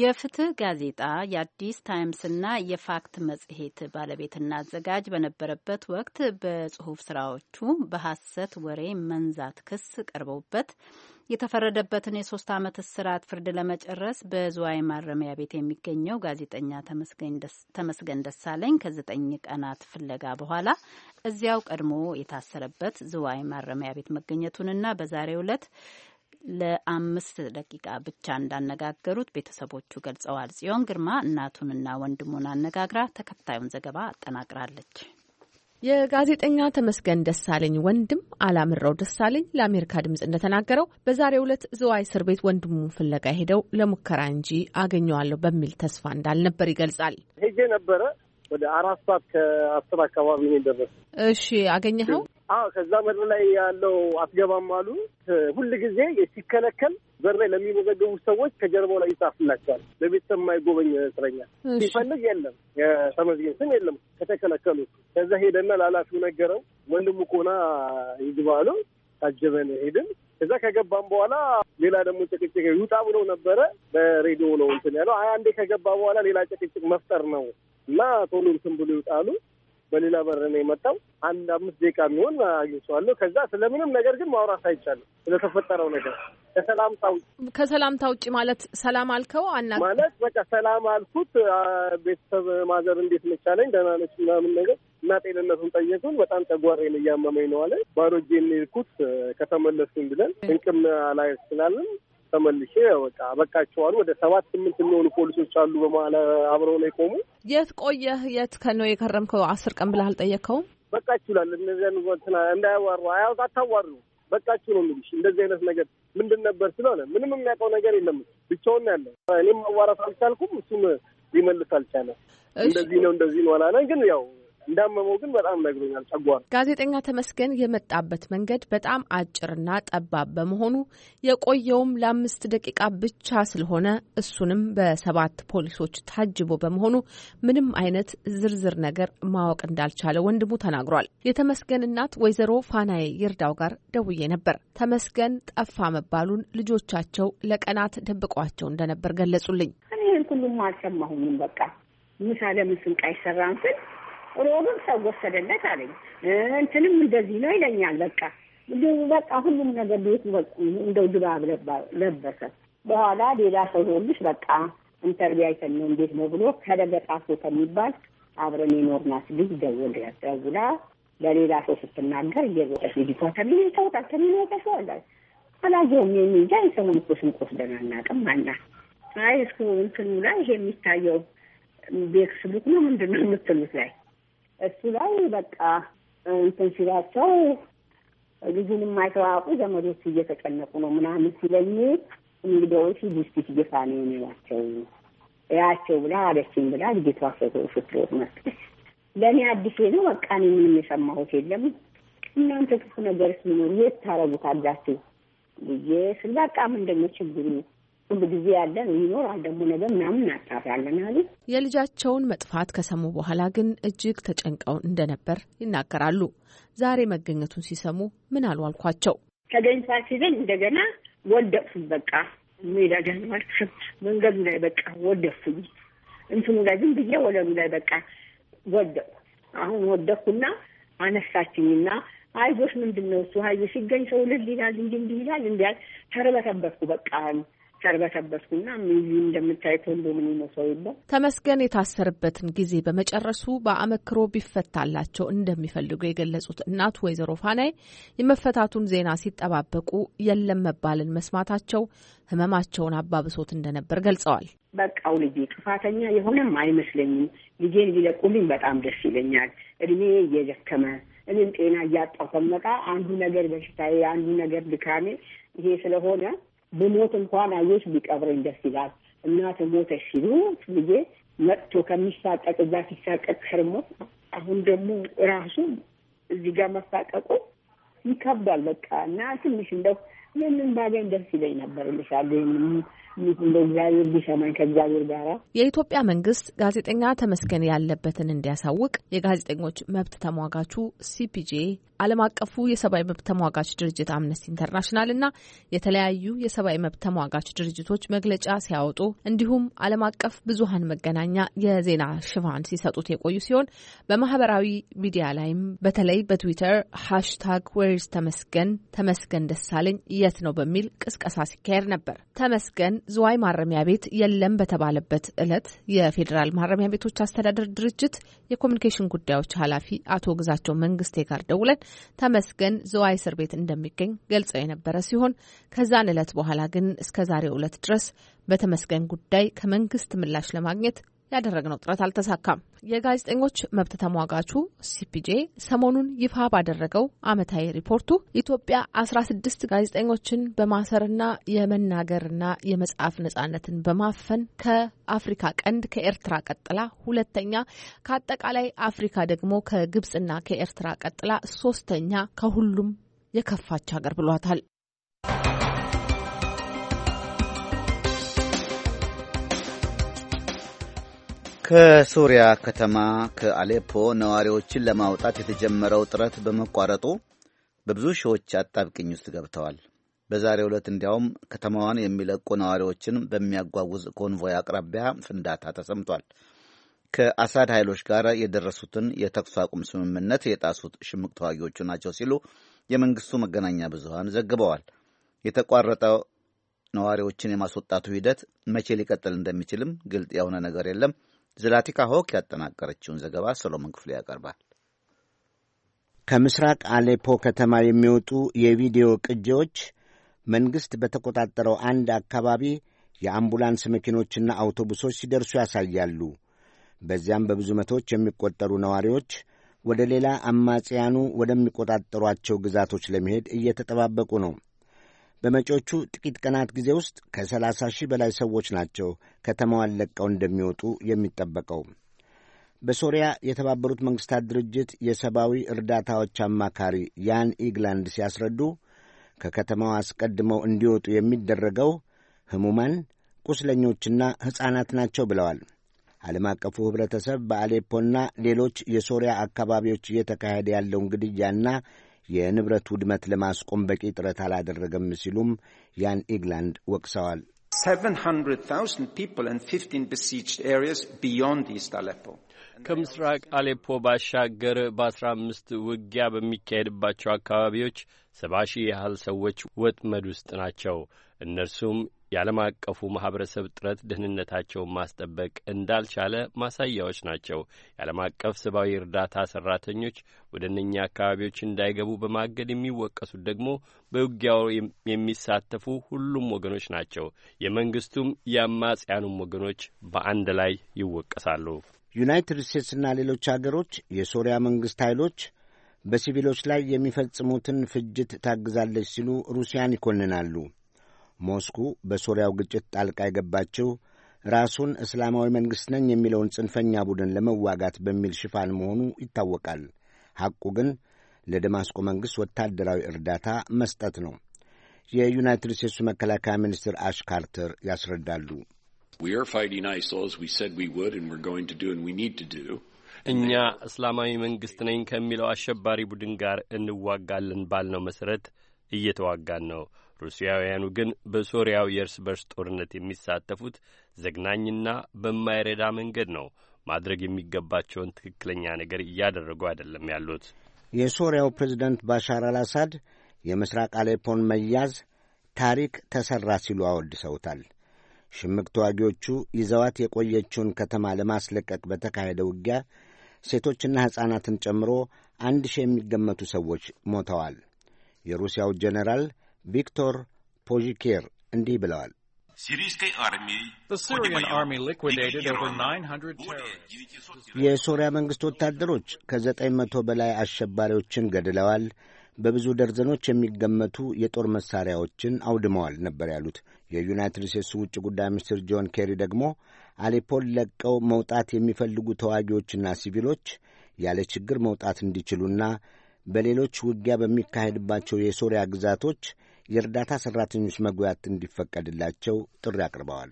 የፍትህ ጋዜጣ የአዲስ ታይምስና የፋክት መጽሔት ባለቤትና አዘጋጅ በነበረበት ወቅት በጽሁፍ ስራዎቹ በሐሰት ወሬ መንዛት ክስ ቀርበውበት የተፈረደበትን የሶስት ዓመት እስራት ፍርድ ለመጨረስ በዝዋይ ማረሚያ ቤት የሚገኘው ጋዜጠኛ ተመስገን ደሳለኝ ከዘጠኝ ቀናት ፍለጋ በኋላ እዚያው ቀድሞ የታሰረበት ዝዋይ ማረሚያ ቤት መገኘቱንና በዛሬው ዕለት ለአምስት ደቂቃ ብቻ እንዳነጋገሩት ቤተሰቦቹ ገልጸዋል። ጽዮን ግርማ እናቱንና ወንድሙን አነጋግራ ተከታዩን ዘገባ አጠናቅራለች። የጋዜጠኛ ተመስገን ደሳለኝ ወንድም አላምረው ደሳለኝ ለአሜሪካ ድምጽ እንደተናገረው በዛሬው ዕለት ዝዋይ እስር ቤት ወንድሙ ፍለጋ ሄደው ለሙከራ እንጂ አገኘዋለሁ በሚል ተስፋ እንዳልነበር ይገልጻል። ሄጄ ነበረ ወደ አራት ሰዓት ከአስር አካባቢ ነው የደረስኩት። እሺ አገኘኸው? አዎ። ከዛ በር ላይ ያለው አትገባም አሉ። ሁል ጊዜ ሲከለከል በር ላይ ለሚመዘገቡ ሰዎች ከጀርባው ላይ ይጻፍላቸዋል። በቤተሰብ የማይጎበኝ እስረኛ ሲፈልግ የለም፣ የተመዝገኝ ስም የለም ከተከለከሉ። ከዛ ሄደና ላላፊው ነገረው። ወንድሙ ኮና ይግባሉ። አለው። ታጀበን ሄድን። ከዛ ከገባም በኋላ ሌላ ደግሞ ጭቅጭቅ ይውጣ ብለው ነበረ። በሬዲዮ ነው እንትን ያለው። አይ አንዴ ከገባ በኋላ ሌላ ጭቅጭቅ መፍጠር ነው እና ቶሎ እንትን ብሎ ይውጣሉ። በሌላ በር ነው የመጣው። አንድ አምስት ደቂቃ የሚሆን አግኝቼዋለሁ። ከዛ ስለምንም ነገር ግን ማውራት አይቻልም። ስለተፈጠረው ነገር ከሰላምታ ውጭ ከሰላምታ ውጭ ማለት ሰላም አልከው አና ማለት በቃ ሰላም አልኩት። ቤተሰብ ማዘር እንዴት መቻለኝ አለኝ። ደህና ነች ምናምን ነገር እና ጤንነቱን ጠየቁን። በጣም ጨጓራዬን እያመመኝ ነው አለ። ባዶ እጄን የሄድኩት ከተመለስኩኝ ብለን እንቅም አላይ ስላለን ተመልሼ በቃ አበቃቸዋሉ። ወደ ሰባት ስምንት የሚሆኑ ፖሊሶች አሉ በመሀል አብረው ላይ ቆሙ። የት ቆየህ? የት ከነው የከረምከው? አስር ቀን ብለህ አልጠየቅከውም? በቃችሁ ይላል። እነዚያ እንዳያዋሩ አያውቅ አታዋሩ በቃችሁ ነው የሚልሽ። እንደዚህ አይነት ነገር ምንድን ነበር ስለሆነ ምንም የሚያውቀው ነገር የለም። ብቻውን ያለው እኔም ማዋራት አልቻልኩም፣ እሱም ሊመልስ አልቻለም። እንደዚህ ነው እንደዚህ ነው አላለን። ግን ያው እንዳመመው ግን በጣም ነግሮኛል። ጨጓራ ጋዜጠኛ ተመስገን የመጣበት መንገድ በጣም አጭርና ጠባብ በመሆኑ የቆየውም ለአምስት ደቂቃ ብቻ ስለሆነ እሱንም በሰባት ፖሊሶች ታጅቦ በመሆኑ ምንም አይነት ዝርዝር ነገር ማወቅ እንዳልቻለ ወንድሙ ተናግሯል። የተመስገን እናት ወይዘሮ ፋናዬ ይርዳው ጋር ደውዬ ነበር። ተመስገን ጠፋ መባሉን ልጆቻቸው ለቀናት ደብቋቸው እንደነበር ገለጹልኝ። እኔ ይህን ሁሉም አልሰማሁም። በቃ ምሳ ለምን ስንቅ አይሰራም ስል ሮብም ሰው ወሰደለት አለኝ። እንትንም እንደዚህ ነው ይለኛል። በቃ በቃ ሁሉም ነገር ቤቱ እንደው ድባብ ለበሰ። በኋላ ሌላ ሰው ሆልሽ በቃ ኢንተርቪው አይተን ነው እንዴት ነው ብሎ ከደገጣፎ ከሚባል አብረን የኖርናት ልጅ ደውል ደውላ ለሌላ ሰው ስትናገር እየሮጠች ልጅቷ ከሚል ይተውታል ከሚል ሰው አላ አላየውም የሚጃ የሰውን እኮ ስንቆስ ደህና አናውቅም አና አይ እስኩ እንትኑ ላይ ይሄ የሚታየው ቤክስቡክ ነው ምንድን ነው የምትሉት ላይ እሱ ላይ በቃ እንትን ሲላቸው ልጁን የማይተዋወቁ ዘመዶቹ እየተጨነቁ ነው ምናምን ሲለኝ እንግዲያውስ ቡስቲት እየሳኔ የሚሏቸው ያቸው ብላ አለችኝ ብላ ልጅቷ ስትሮጥ መጣች። ለእኔ አዲሴ ነው በቃ እኔ ምንም የሰማሁት የለም። እናንተ ክፉ ነገር ሲኖር የት ታረጉታላችሁ ብዬ ስል በቃ ምንድን ነው ችግሩ ሁሉ ጊዜ ያለን ይኖራል ደግሞ ነገ ምናምን እናጣራለን አሉ። የልጃቸውን መጥፋት ከሰሙ በኋላ ግን እጅግ ተጨንቀው እንደነበር ይናገራሉ። ዛሬ መገኘቱን ሲሰሙ ምን አሉ አልኳቸው። ተገኝታ ሲለኝ እንደገና ወደቅኩኝ። በቃ ሜዳ መንገዱ ላይ በቃ ወደቅኩኝ። እንትኑ ላይ ዝም ብዬ ወለሉ ላይ በቃ ወደቅኩ። አሁን ወደቅኩና አነሳችኝና አይዞሽ ምንድን ነው እሱ ሀየ ሲገኝ ሰው ልል ይላል እንዲ እንዲ ይላል እንዲያል ተርበተበትኩ በቃ ተርበተበትኩና እዚህ እንደምታይ ኮንዶሚኒየም ነው ሰው ይባል ተመስገን የታሰርበትን ጊዜ በመጨረሱ በአመክሮ ቢፈታላቸው እንደሚፈልጉ የገለጹት እናቱ ወይዘሮ ፋናይ የመፈታቱን ዜና ሲጠባበቁ የለም መባልን መስማታቸው ህመማቸውን አባብሶት እንደነበር ገልጸዋል። በቃው ልጄ ጥፋተኛ የሆነም አይመስለኝም። ልጄን ሊለቁልኝ በጣም ደስ ይለኛል። እድሜ እየደከመ እኔም ጤና እያጣሁ ከመጣ አንዱ ነገር በሽታዬ፣ አንዱ ነገር ድካሜ ይሄ ስለሆነ ብሞት እንኳን አየሽ ቢቀብረኝ ደስ ይላል እናት ሞተሽ ሲሉ ብዬ መጥቶ ከሚሳቀቅ እዛ ሲሳቀቅ ከርሞ አሁን ደግሞ ራሱ እዚህ ጋር መሳቀቁ ይከብዳል። በቃ እና ትንሽ እንደው ይህንን ባገኝ ደስ ይለኝ ነበር ልሻሉ እንደ እግዚአብሔር ቢሰማኝ ከእግዚአብሔር ጋራ የኢትዮጵያ መንግስት ጋዜጠኛ ተመስገን ያለበትን እንዲያሳውቅ የጋዜጠኞች መብት ተሟጋቹ ሲፒጄ፣ ዓለም አቀፉ የሰብአዊ መብት ተሟጋች ድርጅት አምነስቲ ኢንተርናሽናል እና የተለያዩ የሰብአዊ መብት ተሟጋች ድርጅቶች መግለጫ ሲያወጡ እንዲሁም ዓለም አቀፍ ብዙሀን መገናኛ የዜና ሽፋን ሲሰጡት የቆዩ ሲሆን በማህበራዊ ሚዲያ ላይም በተለይ በትዊተር ሃሽታግ ዌርዝ ተመስገን ተመስገን ደሳለኝ የት ነው በሚል ቅስቀሳ ሲካሄድ ነበር። ተመስገን ዝዋይ ማረሚያ ቤት የለም በተባለበት እለት የፌዴራል ማረሚያ ቤቶች አስተዳደር ድርጅት የኮሚኒኬሽን ጉዳዮች ኃላፊ አቶ ግዛቸው መንግስቴ ጋር ደውለን ተመስገን ዝዋይ እስር ቤት እንደሚገኝ ገልጸው የነበረ ሲሆን ከዛን እለት በኋላ ግን እስከ ዛሬው ዕለት ድረስ በተመስገን ጉዳይ ከመንግስት ምላሽ ለማግኘት ያደረግነው ጥረት አልተሳካም። የጋዜጠኞች መብት ተሟጋቹ ሲፒጄ ሰሞኑን ይፋ ባደረገው ዓመታዊ ሪፖርቱ ኢትዮጵያ አስራ ስድስት ጋዜጠኞችን በማሰርና የመናገርና የመጻፍ ነጻነትን በማፈን ከአፍሪካ ቀንድ ከኤርትራ ቀጥላ ሁለተኛ፣ ከአጠቃላይ አፍሪካ ደግሞ ከግብጽና ከኤርትራ ቀጥላ ሶስተኛ ከሁሉም የከፋች ሀገር ብሏታል። ከሱሪያ ከተማ ከአሌፖ ነዋሪዎችን ለማውጣት የተጀመረው ጥረት በመቋረጡ በብዙ ሺዎች አጣብቅኝ ውስጥ ገብተዋል። በዛሬ ዕለት እንዲያውም ከተማዋን የሚለቁ ነዋሪዎችን በሚያጓጉዝ ኮንቮይ አቅራቢያ ፍንዳታ ተሰምቷል። ከአሳድ ኃይሎች ጋር የደረሱትን የተኩስ አቁም ስምምነት የጣሱት ሽምቅ ተዋጊዎቹ ናቸው ሲሉ የመንግስቱ መገናኛ ብዙሃን ዘግበዋል። የተቋረጠው ነዋሪዎችን የማስወጣቱ ሂደት መቼ ሊቀጥል እንደሚችልም ግልጥ የሆነ ነገር የለም። ዝላቲካ ሆክ ያጠናቀረችውን ዘገባ ሰሎሞን ክፍሌ ያቀርባል። ከምስራቅ አሌፖ ከተማ የሚወጡ የቪዲዮ ቅጂዎች መንግሥት በተቆጣጠረው አንድ አካባቢ የአምቡላንስ መኪኖችና አውቶቡሶች ሲደርሱ ያሳያሉ። በዚያም በብዙ መቶዎች የሚቆጠሩ ነዋሪዎች ወደ ሌላ አማጽያኑ ወደሚቆጣጠሯቸው ግዛቶች ለመሄድ እየተጠባበቁ ነው። በመጪዎቹ ጥቂት ቀናት ጊዜ ውስጥ ከ 3 ሺህ በላይ ሰዎች ናቸው ከተማዋን ለቀው እንደሚወጡ የሚጠበቀው። በሶሪያ የተባበሩት መንግሥታት ድርጅት የሰብአዊ እርዳታዎች አማካሪ ያን ኢግላንድ ሲያስረዱ ከከተማዋ አስቀድመው እንዲወጡ የሚደረገው ሕሙማን፣ ቁስለኞችና ሕፃናት ናቸው ብለዋል። ዓለም አቀፉ ኅብረተሰብ በአሌፖና ሌሎች የሶሪያ አካባቢዎች እየተካሄደ ያለውን ግድያና የንብረት ውድመት ለማስቆም በቂ ጥረት አላደረገም ሲሉም ያን ኢግላንድ ወቅሰዋል። ከምስራቅ አሌፖ ባሻገር በአስራ አምስት ውጊያ በሚካሄድባቸው አካባቢዎች ሰባ ሺህ ያህል ሰዎች ወጥመድ ውስጥ ናቸው። እነርሱም የዓለም አቀፉ ማህበረሰብ ጥረት ደህንነታቸውን ማስጠበቅ እንዳልቻለ ማሳያዎች ናቸው። የዓለም አቀፍ ሰብአዊ እርዳታ ሰራተኞች ወደ እነኛ አካባቢዎች እንዳይገቡ በማገድ የሚወቀሱት ደግሞ በውጊያው የሚሳተፉ ሁሉም ወገኖች ናቸው። የመንግስቱም የአማጽያኑም ወገኖች በአንድ ላይ ይወቀሳሉ። ዩናይትድ ስቴትስና ሌሎች አገሮች የሶሪያ መንግስት ኃይሎች በሲቪሎች ላይ የሚፈጽሙትን ፍጅት ታግዛለች ሲሉ ሩሲያን ይኮንናሉ። ሞስኩ በሶሪያው ግጭት ጣልቃ የገባችው ራሱን እስላማዊ መንግሥት ነኝ የሚለውን ጽንፈኛ ቡድን ለመዋጋት በሚል ሽፋን መሆኑ ይታወቃል። ሐቁ ግን ለደማስቆ መንግሥት ወታደራዊ እርዳታ መስጠት ነው። የዩናይትድ ስቴትሱ መከላከያ ሚኒስትር አሽ ካርተር ያስረዳሉ። እኛ እስላማዊ መንግሥት ነኝ ከሚለው አሸባሪ ቡድን ጋር እንዋጋለን ባልነው መሠረት እየተዋጋን ነው። ሩሲያውያኑ ግን በሶሪያው የእርስ በርስ ጦርነት የሚሳተፉት ዘግናኝና በማይረዳ መንገድ ነው። ማድረግ የሚገባቸውን ትክክለኛ ነገር እያደረጉ አይደለም ያሉት የሶሪያው ፕሬዝደንት ባሻር አልአሳድ የምስራቅ አሌፖን መያዝ ታሪክ ተሠራ ሲሉ አወድሰውታል። ሽምቅ ተዋጊዎቹ ይዘዋት የቆየችውን ከተማ ለማስለቀቅ በተካሄደ ውጊያ ሴቶችና ሕፃናትን ጨምሮ አንድ ሺህ የሚገመቱ ሰዎች ሞተዋል። የሩሲያው ጄኔራል ቪክቶር ፖዥኬር እንዲህ ብለዋል። የሶሪያ መንግሥት ወታደሮች ከዘጠኝ መቶ በላይ አሸባሪዎችን ገድለዋል፣ በብዙ ደርዘኖች የሚገመቱ የጦር መሣሪያዎችን አውድመዋል ነበር ያሉት። የዩናይትድ ስቴትስ ውጭ ጉዳይ ሚኒስትር ጆን ኬሪ ደግሞ አሌፖን ለቀው መውጣት የሚፈልጉ ተዋጊዎችና ሲቪሎች ያለ ችግር መውጣት እንዲችሉና በሌሎች ውጊያ በሚካሄድባቸው የሶሪያ ግዛቶች የእርዳታ ሠራተኞች መጉያት እንዲፈቀድላቸው ጥሪ አቅርበዋል።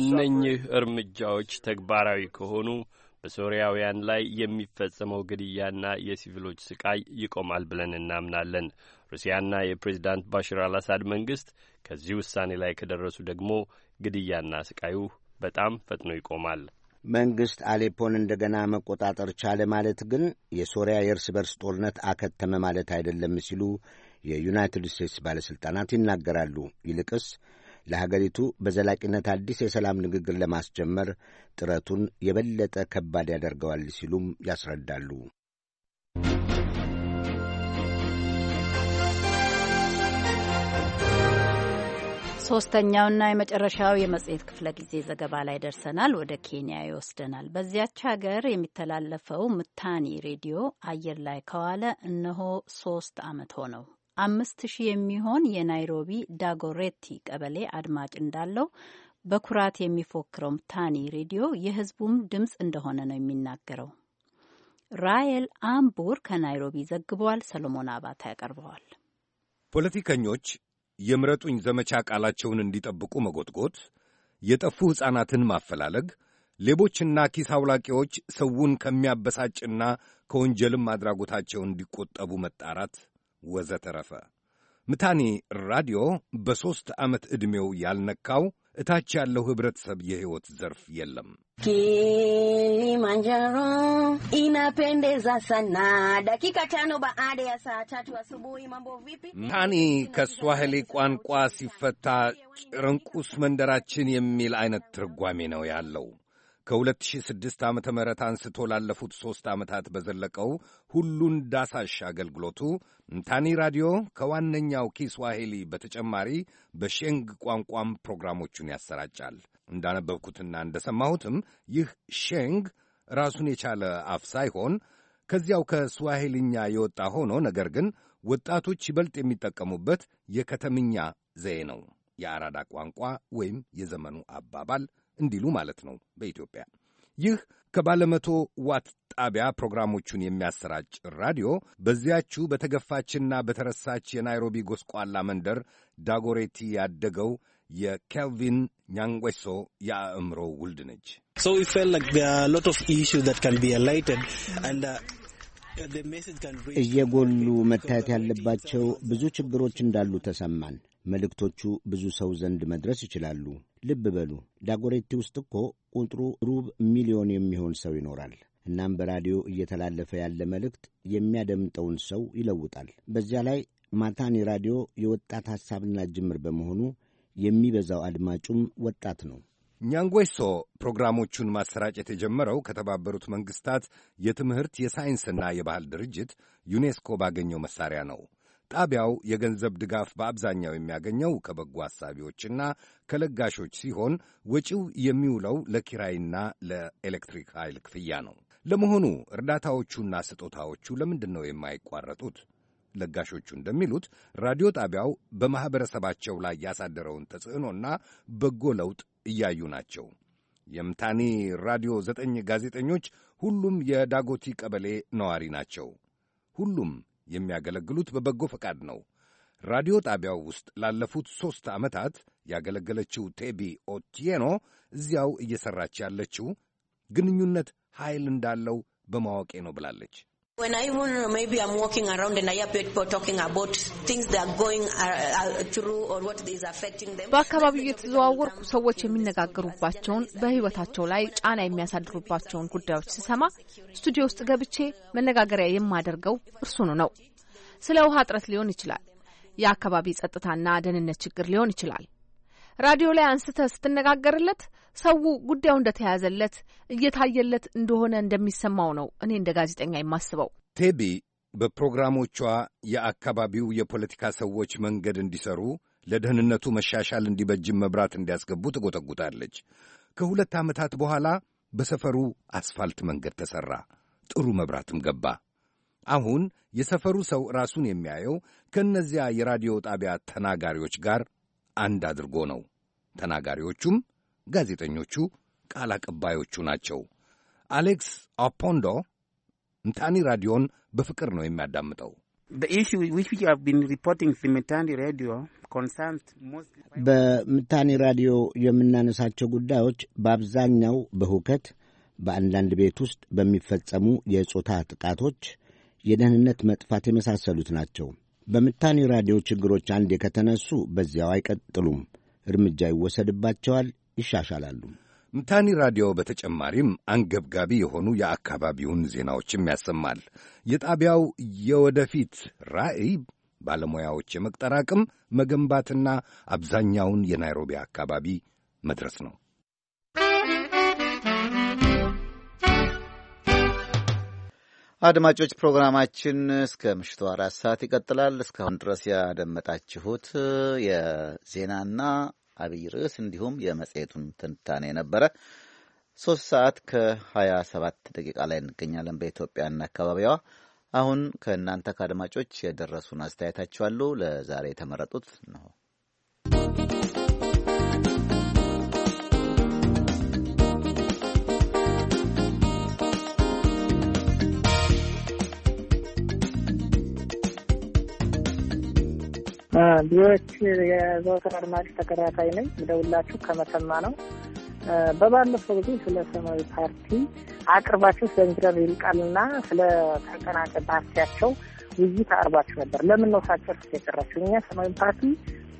እነኚህ እርምጃዎች ተግባራዊ ከሆኑ በሶርያውያን ላይ የሚፈጸመው ግድያና የሲቪሎች ስቃይ ይቆማል ብለን እናምናለን። ሩሲያና የፕሬዚዳንት ባሽር አልአሳድ መንግሥት ከዚህ ውሳኔ ላይ ከደረሱ ደግሞ ግድያና ስቃዩ በጣም ፈጥኖ ይቆማል። መንግሥት አሌፖን እንደገና መቆጣጠር ቻለ ማለት ግን የሶሪያ የእርስ በርስ ጦርነት አከተመ ማለት አይደለም ሲሉ የዩናይትድ ስቴትስ ባለሥልጣናት ይናገራሉ። ይልቅስ ለሀገሪቱ በዘላቂነት አዲስ የሰላም ንግግር ለማስጀመር ጥረቱን የበለጠ ከባድ ያደርገዋል ሲሉም ያስረዳሉ። ሶስተኛውና የመጨረሻው የመጽሔት ክፍለ ጊዜ ዘገባ ላይ ደርሰናል። ወደ ኬንያ ይወስደናል። በዚያች ሀገር የሚተላለፈው ምታኒ ሬዲዮ አየር ላይ ከዋለ እነሆ ሶስት ዓመት ሆነው። አምስት ሺህ የሚሆን የናይሮቢ ዳጎሬቲ ቀበሌ አድማጭ እንዳለው በኩራት የሚፎክረው ምታኒ ሬዲዮ የሕዝቡም ድምፅ እንደሆነ ነው የሚናገረው። ራየል አምቡር ከናይሮቢ ዘግቧል። ሰሎሞን አባታ ያቀርበዋል። ፖለቲከኞች የምረጡኝ ዘመቻ ቃላቸውን እንዲጠብቁ መጎትጎት፣ የጠፉ ሕፃናትን ማፈላለግ፣ ሌቦችና ኪስ አውላቂዎች ሰውን ከሚያበሳጭና ከወንጀልም አድራጎታቸው እንዲቆጠቡ መጣራት ወዘተረፈ ምታኒ ራዲዮ በሦስት ዓመት ዕድሜው ያልነካው እታች ያለው ኅብረተሰብ የሕይወት ዘርፍ የለም። ኪሊማንጃሮ ኢናፔንዴዛ ሰና ደቂቃ ቻኖ በአደ ያ ሳ ማምቦ ቪፒ ምታኔ ከስዋሂሊ ቋንቋ ሲፈታ ጭርንቁስ መንደራችን የሚል አይነት ትርጓሜ ነው ያለው። ከ2006 ዓ ም አንስቶ ላለፉት ሦስት ዓመታት በዘለቀው ሁሉን ዳሳሽ አገልግሎቱ ምታኒ ራዲዮ ከዋነኛው ኪስዋሂሊ በተጨማሪ በሼንግ ቋንቋም ፕሮግራሞቹን ያሰራጫል። እንዳነበብኩትና እንደሰማሁትም ይህ ሼንግ ራሱን የቻለ አፍ ሳይሆን ከዚያው ከስዋሂልኛ የወጣ ሆኖ ነገር ግን ወጣቶች ይበልጥ የሚጠቀሙበት የከተምኛ ዘዬ ነው። የአራዳ ቋንቋ ወይም የዘመኑ አባባል እንዲሉ ማለት ነው በኢትዮጵያ። ይህ ከባለመቶ ዋት ጣቢያ ፕሮግራሞቹን የሚያሰራጭ ራዲዮ በዚያችው በተገፋችና በተረሳች የናይሮቢ ጎስቋላ መንደር ዳጎሬቲ ያደገው የኬልቪን ኛንጎሶ የአእምሮ ውልድ ነች። uh, እየጎሉ መታየት ያለባቸው ብዙ ችግሮች እንዳሉ ተሰማን። መልእክቶቹ ብዙ ሰው ዘንድ መድረስ ይችላሉ። ልብ በሉ ዳጎሬቲ ውስጥ እኮ ቁጥሩ ሩብ ሚሊዮን የሚሆን ሰው ይኖራል። እናም በራዲዮ እየተላለፈ ያለ መልእክት የሚያደምጠውን ሰው ይለውጣል። በዚያ ላይ ማታኒ ራዲዮ የወጣት ሐሳብና ጅምር በመሆኑ የሚበዛው አድማጩም ወጣት ነው። ኛንጎይሶ ፕሮግራሞቹን ማሰራጨት የጀመረው ከተባበሩት መንግሥታት የትምህርት የሳይንስና የባህል ድርጅት ዩኔስኮ ባገኘው መሣሪያ ነው። ጣቢያው የገንዘብ ድጋፍ በአብዛኛው የሚያገኘው ከበጎ አሳቢዎችና ከለጋሾች ሲሆን ወጪው የሚውለው ለኪራይና ለኤሌክትሪክ ኃይል ክፍያ ነው። ለመሆኑ እርዳታዎቹና ስጦታዎቹ ለምንድን ነው የማይቋረጡት? ለጋሾቹ እንደሚሉት ራዲዮ ጣቢያው በማኅበረሰባቸው ላይ ያሳደረውን ተጽዕኖና በጎ ለውጥ እያዩ ናቸው። የምታኒ ራዲዮ ዘጠኝ ጋዜጠኞች ሁሉም የዳጎቲ ቀበሌ ነዋሪ ናቸው። ሁሉም የሚያገለግሉት በበጎ ፈቃድ ነው። ራዲዮ ጣቢያው ውስጥ ላለፉት ሦስት ዓመታት ያገለገለችው ቴቢ ኦቲየኖ እዚያው እየሠራች ያለችው ግንኙነት ኃይል እንዳለው በማወቄ ነው ብላለች። When I even uh, maybe I'm walking around and I hear people talking about things that are going uh, uh, through or what is affecting them. በአካባቢው የተዘዋወርኩ ሰዎች የሚነጋገሩባቸውን በሕይወታቸው ላይ ጫና የሚያሳድሩባቸውን ጉዳዮች ስሰማ ስቱዲዮ ውስጥ ገብቼ መነጋገሪያ የማደርገው እርሱኑ ነው። ስለ ውሃ እጥረት ሊሆን ይችላል። የአካባቢ ጸጥታና ደህንነት ችግር ሊሆን ይችላል። ራዲዮ ላይ አንስተ ስትነጋገርለት ሰው ጉዳዩ እንደተያዘለት እየታየለት እንደሆነ እንደሚሰማው ነው እኔ እንደ ጋዜጠኛ የማስበው። ቴቢ በፕሮግራሞቿ የአካባቢው የፖለቲካ ሰዎች መንገድ እንዲሰሩ ለደህንነቱ መሻሻል እንዲበጅም መብራት እንዲያስገቡ ትጎተጉታለች። ከሁለት ዓመታት በኋላ በሰፈሩ አስፋልት መንገድ ተሠራ፣ ጥሩ መብራትም ገባ። አሁን የሰፈሩ ሰው ራሱን የሚያየው ከእነዚያ የራዲዮ ጣቢያ ተናጋሪዎች ጋር አንድ አድርጎ ነው። ተናጋሪዎቹም ጋዜጠኞቹ፣ ቃል አቀባዮቹ ናቸው። አሌክስ አፖንዶ ምታኒ ራዲዮን በፍቅር ነው የሚያዳምጠው። በምታኒ ራዲዮ የምናነሳቸው ጉዳዮች በአብዛኛው በሁከት፣ በአንዳንድ ቤት ውስጥ በሚፈጸሙ የጾታ ጥቃቶች፣ የደህንነት መጥፋት የመሳሰሉት ናቸው። በምጣኔ ራዲዮ ችግሮች አንዴ ከተነሱ በዚያው አይቀጥሉም። እርምጃ ይወሰድባቸዋል፣ ይሻሻላሉ። ምታኒ ራዲዮ በተጨማሪም አንገብጋቢ የሆኑ የአካባቢውን ዜናዎችም ያሰማል። የጣቢያው የወደፊት ራዕይ ባለሙያዎች የመቅጠር አቅም መገንባትና አብዛኛውን የናይሮቢ አካባቢ መድረስ ነው። አድማጮች ፕሮግራማችን እስከ ምሽቱ አራት ሰዓት ይቀጥላል። እስካሁን ድረስ ያደመጣችሁት የዜናና አብይ ርዕስ እንዲሁም የመጽሔቱን ትንታኔ ነበረ። ሶስት ሰዓት ከሀያ ሰባት ደቂቃ ላይ እንገኛለን በኢትዮጵያና አካባቢዋ። አሁን ከእናንተ ከአድማጮች የደረሱን አስተያየታችኋሉ አሉ። ለዛሬ የተመረጡት ነው። ቪዎች የዘወትር አድማጭ ተከታታይ ነኝ። ምደውላችሁ ከመተማ ነው። በባለፈው ጊዜ ስለ ሰማያዊ ፓርቲ አቅርባችሁ ስለ ኢንጂነር ይልቃልና ስለ ተቀናቀ ፓርቲያቸው ውይይት አቅርባችሁ ነበር። ለምን ነው ሳጨርስ የቀራችሁ? እኛ ሰማያዊ ፓርቲ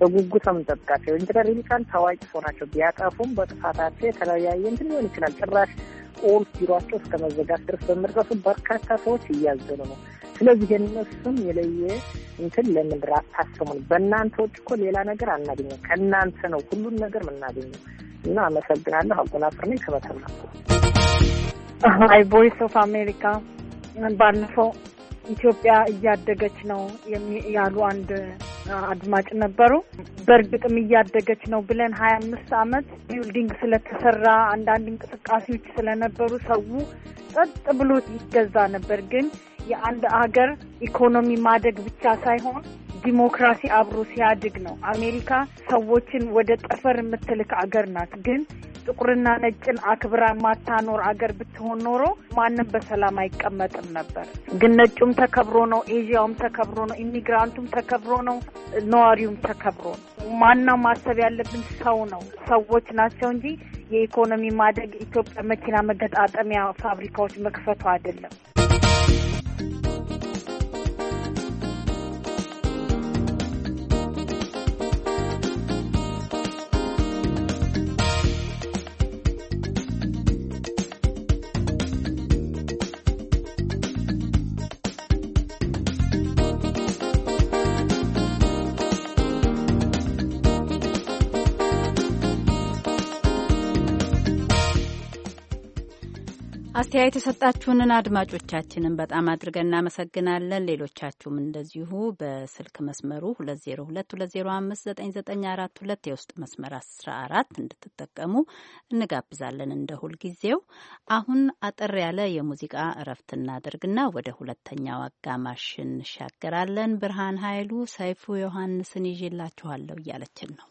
በጉጉት ነው የምንጠብቃቸው። ኢንተርሪሊቃን ታዋቂ ሰው ናቸው። ቢያጠፉም በጥፋታቸው የተለያየ እንትን ሊሆን ይችላል። ጭራሽ ኦል ቢሯቸው እስከ መዘጋት ድረስ በመድረሱ በርካታ ሰዎች እያዘኑ ነው። ስለዚህ የነሱም የለየ እንትን ለምድር አታስሙን። በእናንተ ውጭ እኮ ሌላ ነገር አናገኘም። ከእናንተ ነው ሁሉን ነገር የምናገኘው። እና አመሰግናለሁ። አጎናፍር ነኝ ከመተማ አይ ቮይስ ኦፍ አሜሪካ ባለፈው ኢትዮጵያ እያደገች ነው ያሉ አንድ አድማጭ ነበሩ። በእርግጥም እያደገች ነው ብለን ሀያ አምስት አመት ቢውልዲንግ ስለተሰራ አንዳንድ እንቅስቃሴዎች ስለነበሩ ሰው ጸጥ ብሎ ይገዛ ነበር። ግን የአንድ አገር ኢኮኖሚ ማደግ ብቻ ሳይሆን ዲሞክራሲ አብሮ ሲያድግ ነው። አሜሪካ ሰዎችን ወደ ጠፈር የምትልክ አገር ናት። ግን ጥቁርና ነጭን አክብራ ማታኖር አገር ብትሆን ኖሮ ማንም በሰላም አይቀመጥም ነበር። ግን ነጩም ተከብሮ ነው፣ ኤዥያውም ተከብሮ ነው፣ ኢሚግራንቱም ተከብሮ ነው፣ ነዋሪውም ተከብሮ ነው። ማናው ማሰብ ያለብን ሰው ነው፣ ሰዎች ናቸው እንጂ የኢኮኖሚ ማደግ ኢትዮጵያ መኪና መገጣጠሚያ ፋብሪካዎች መክፈቱ አይደለም። አስተያየት የተሰጣችሁንን አድማጮቻችንን በጣም አድርገን እናመሰግናለን። ሌሎቻችሁም እንደዚሁ በስልክ መስመሩ 2022059942 የውስጥ መስመር 14 እንድትጠቀሙ እንጋብዛለን። እንደ ሁልጊዜው አሁን አጠር ያለ የሙዚቃ እረፍት እናደርግና ወደ ሁለተኛው አጋማሽ እንሻገራለን። ብርሃን ኃይሉ ሰይፉ ዮሐንስን ይዤላችኋለሁ እያለችን ነው።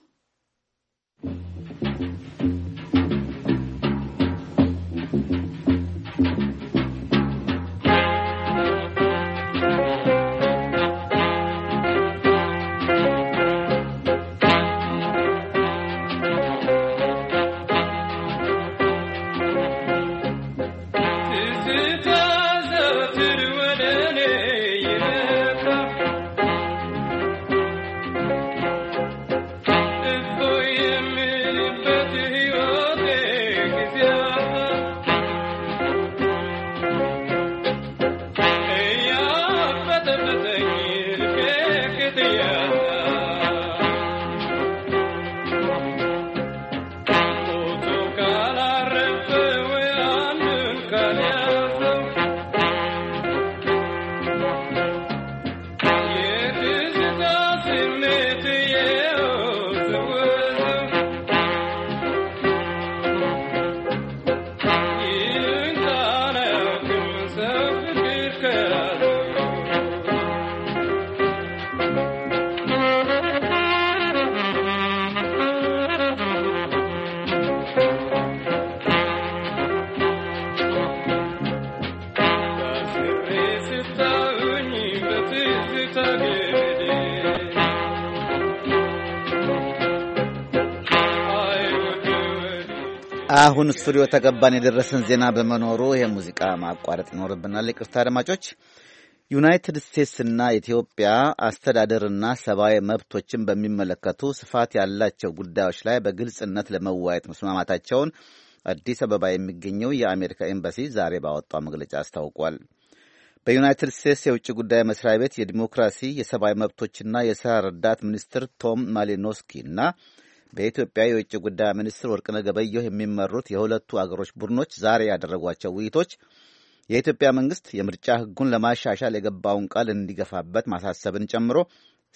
አሁን ስቱዲዮ ተገባን የደረሰን ዜና በመኖሩ ይህ ሙዚቃ ማቋረጥ ይኖርብናል። ይቅርታ አድማጮች። ዩናይትድ ስቴትስና ኢትዮጵያ አስተዳደርና ሰብአዊ መብቶችን በሚመለከቱ ስፋት ያላቸው ጉዳዮች ላይ በግልጽነት ለመወያየት መስማማታቸውን አዲስ አበባ የሚገኘው የአሜሪካ ኤምባሲ ዛሬ ባወጣው መግለጫ አስታውቋል። በዩናይትድ ስቴትስ የውጭ ጉዳይ መስሪያ ቤት የዲሞክራሲ የሰብአዊ መብቶችና የሥራ ረዳት ሚኒስትር ቶም ማሊኖስኪ እና በኢትዮጵያ የውጭ ጉዳይ ሚኒስትር ወርቅነህ ገበየሁ የሚመሩት የሁለቱ አገሮች ቡድኖች ዛሬ ያደረጓቸው ውይይቶች የኢትዮጵያ መንግስት የምርጫ ህጉን ለማሻሻል የገባውን ቃል እንዲገፋበት ማሳሰብን ጨምሮ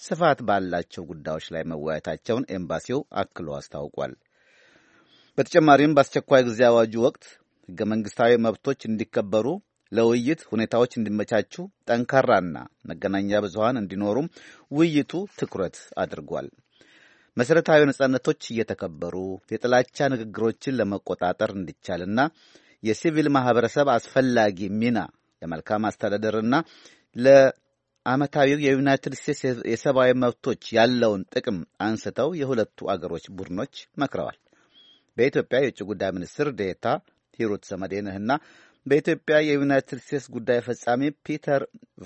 ስፋት ባላቸው ጉዳዮች ላይ መወያየታቸውን ኤምባሲው አክሎ አስታውቋል። በተጨማሪም በአስቸኳይ ጊዜ አዋጁ ወቅት ህገ መንግስታዊ መብቶች እንዲከበሩ ለውይይት ሁኔታዎች እንዲመቻቹ ጠንካራና መገናኛ ብዙሃን እንዲኖሩም ውይይቱ ትኩረት አድርጓል። መሠረታዊ ነጻነቶች እየተከበሩ የጥላቻ ንግግሮችን ለመቆጣጠር እንዲቻልና የሲቪል ማኅበረሰብ አስፈላጊ ሚና ለመልካም አስተዳደርና ለዓመታዊው የዩናይትድ ስቴትስ የሰብአዊ መብቶች ያለውን ጥቅም አንስተው የሁለቱ አገሮች ቡድኖች መክረዋል። በኢትዮጵያ የውጭ ጉዳይ ሚኒስትር ዴታ ሂሩት ዘመዴንህና በኢትዮጵያ የዩናይትድ ስቴትስ ጉዳይ ፈጻሚ ፒተር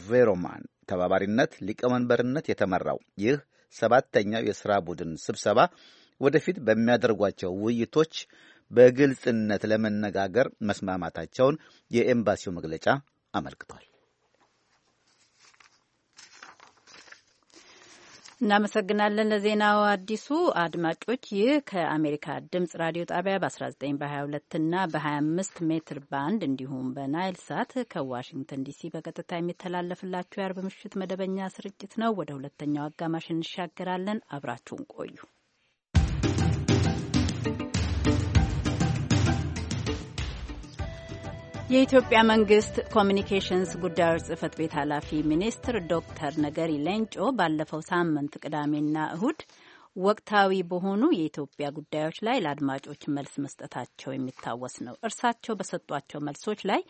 ቬሮማን ተባባሪነት ሊቀመንበርነት የተመራው ይህ ሰባተኛው የሥራ ቡድን ስብሰባ ወደፊት በሚያደርጓቸው ውይይቶች በግልጽነት ለመነጋገር መስማማታቸውን የኤምባሲው መግለጫ አመልክቷል። እናመሰግናለን ለዜናው አዲሱ። አድማጮች ይህ ከአሜሪካ ድምጽ ራዲዮ ጣቢያ በ19 በ22 እና በ25 ሜትር ባንድ እንዲሁም በናይል ሳት ከዋሽንግተን ዲሲ በቀጥታ የሚተላለፍላችሁ የአርብ ምሽት መደበኛ ስርጭት ነው። ወደ ሁለተኛው አጋማሽ እንሻገራለን። አብራችሁን ቆዩ። የኢትዮጵያ መንግስት ኮሚኒኬሽንስ ጉዳዮች ጽህፈት ቤት ኃላፊ ሚኒስትር ዶክተር ነገሪ ሌንጮ ባለፈው ሳምንት ቅዳሜና እሁድ ወቅታዊ በሆኑ የኢትዮጵያ ጉዳዮች ላይ ለአድማጮች መልስ መስጠታቸው የሚታወስ ነው። እርሳቸው በሰጧቸው መልሶች ላይ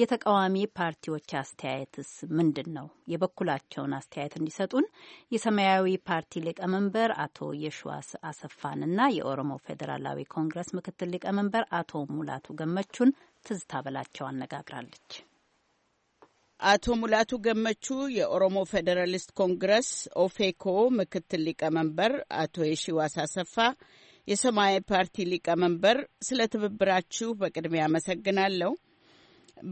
የተቃዋሚ ፓርቲዎች አስተያየትስ ምንድን ነው? የበኩላቸውን አስተያየት እንዲሰጡን የሰማያዊ ፓርቲ ሊቀመንበር አቶ የሸዋስ አሰፋንና የኦሮሞ ፌዴራላዊ ኮንግረስ ምክትል ሊቀመንበር አቶ ሙላቱ ገመቹን ትዝታ በላቸው አነጋግራለች። አቶ ሙላቱ ገመቹ የኦሮሞ ፌዴራሊስት ኮንግረስ ኦፌኮ ምክትል ሊቀመንበር፣ አቶ የሺዋስ አሰፋ የሰማያዊ ፓርቲ ሊቀመንበር፣ ስለ ትብብራችሁ በቅድሚያ አመሰግናለሁ።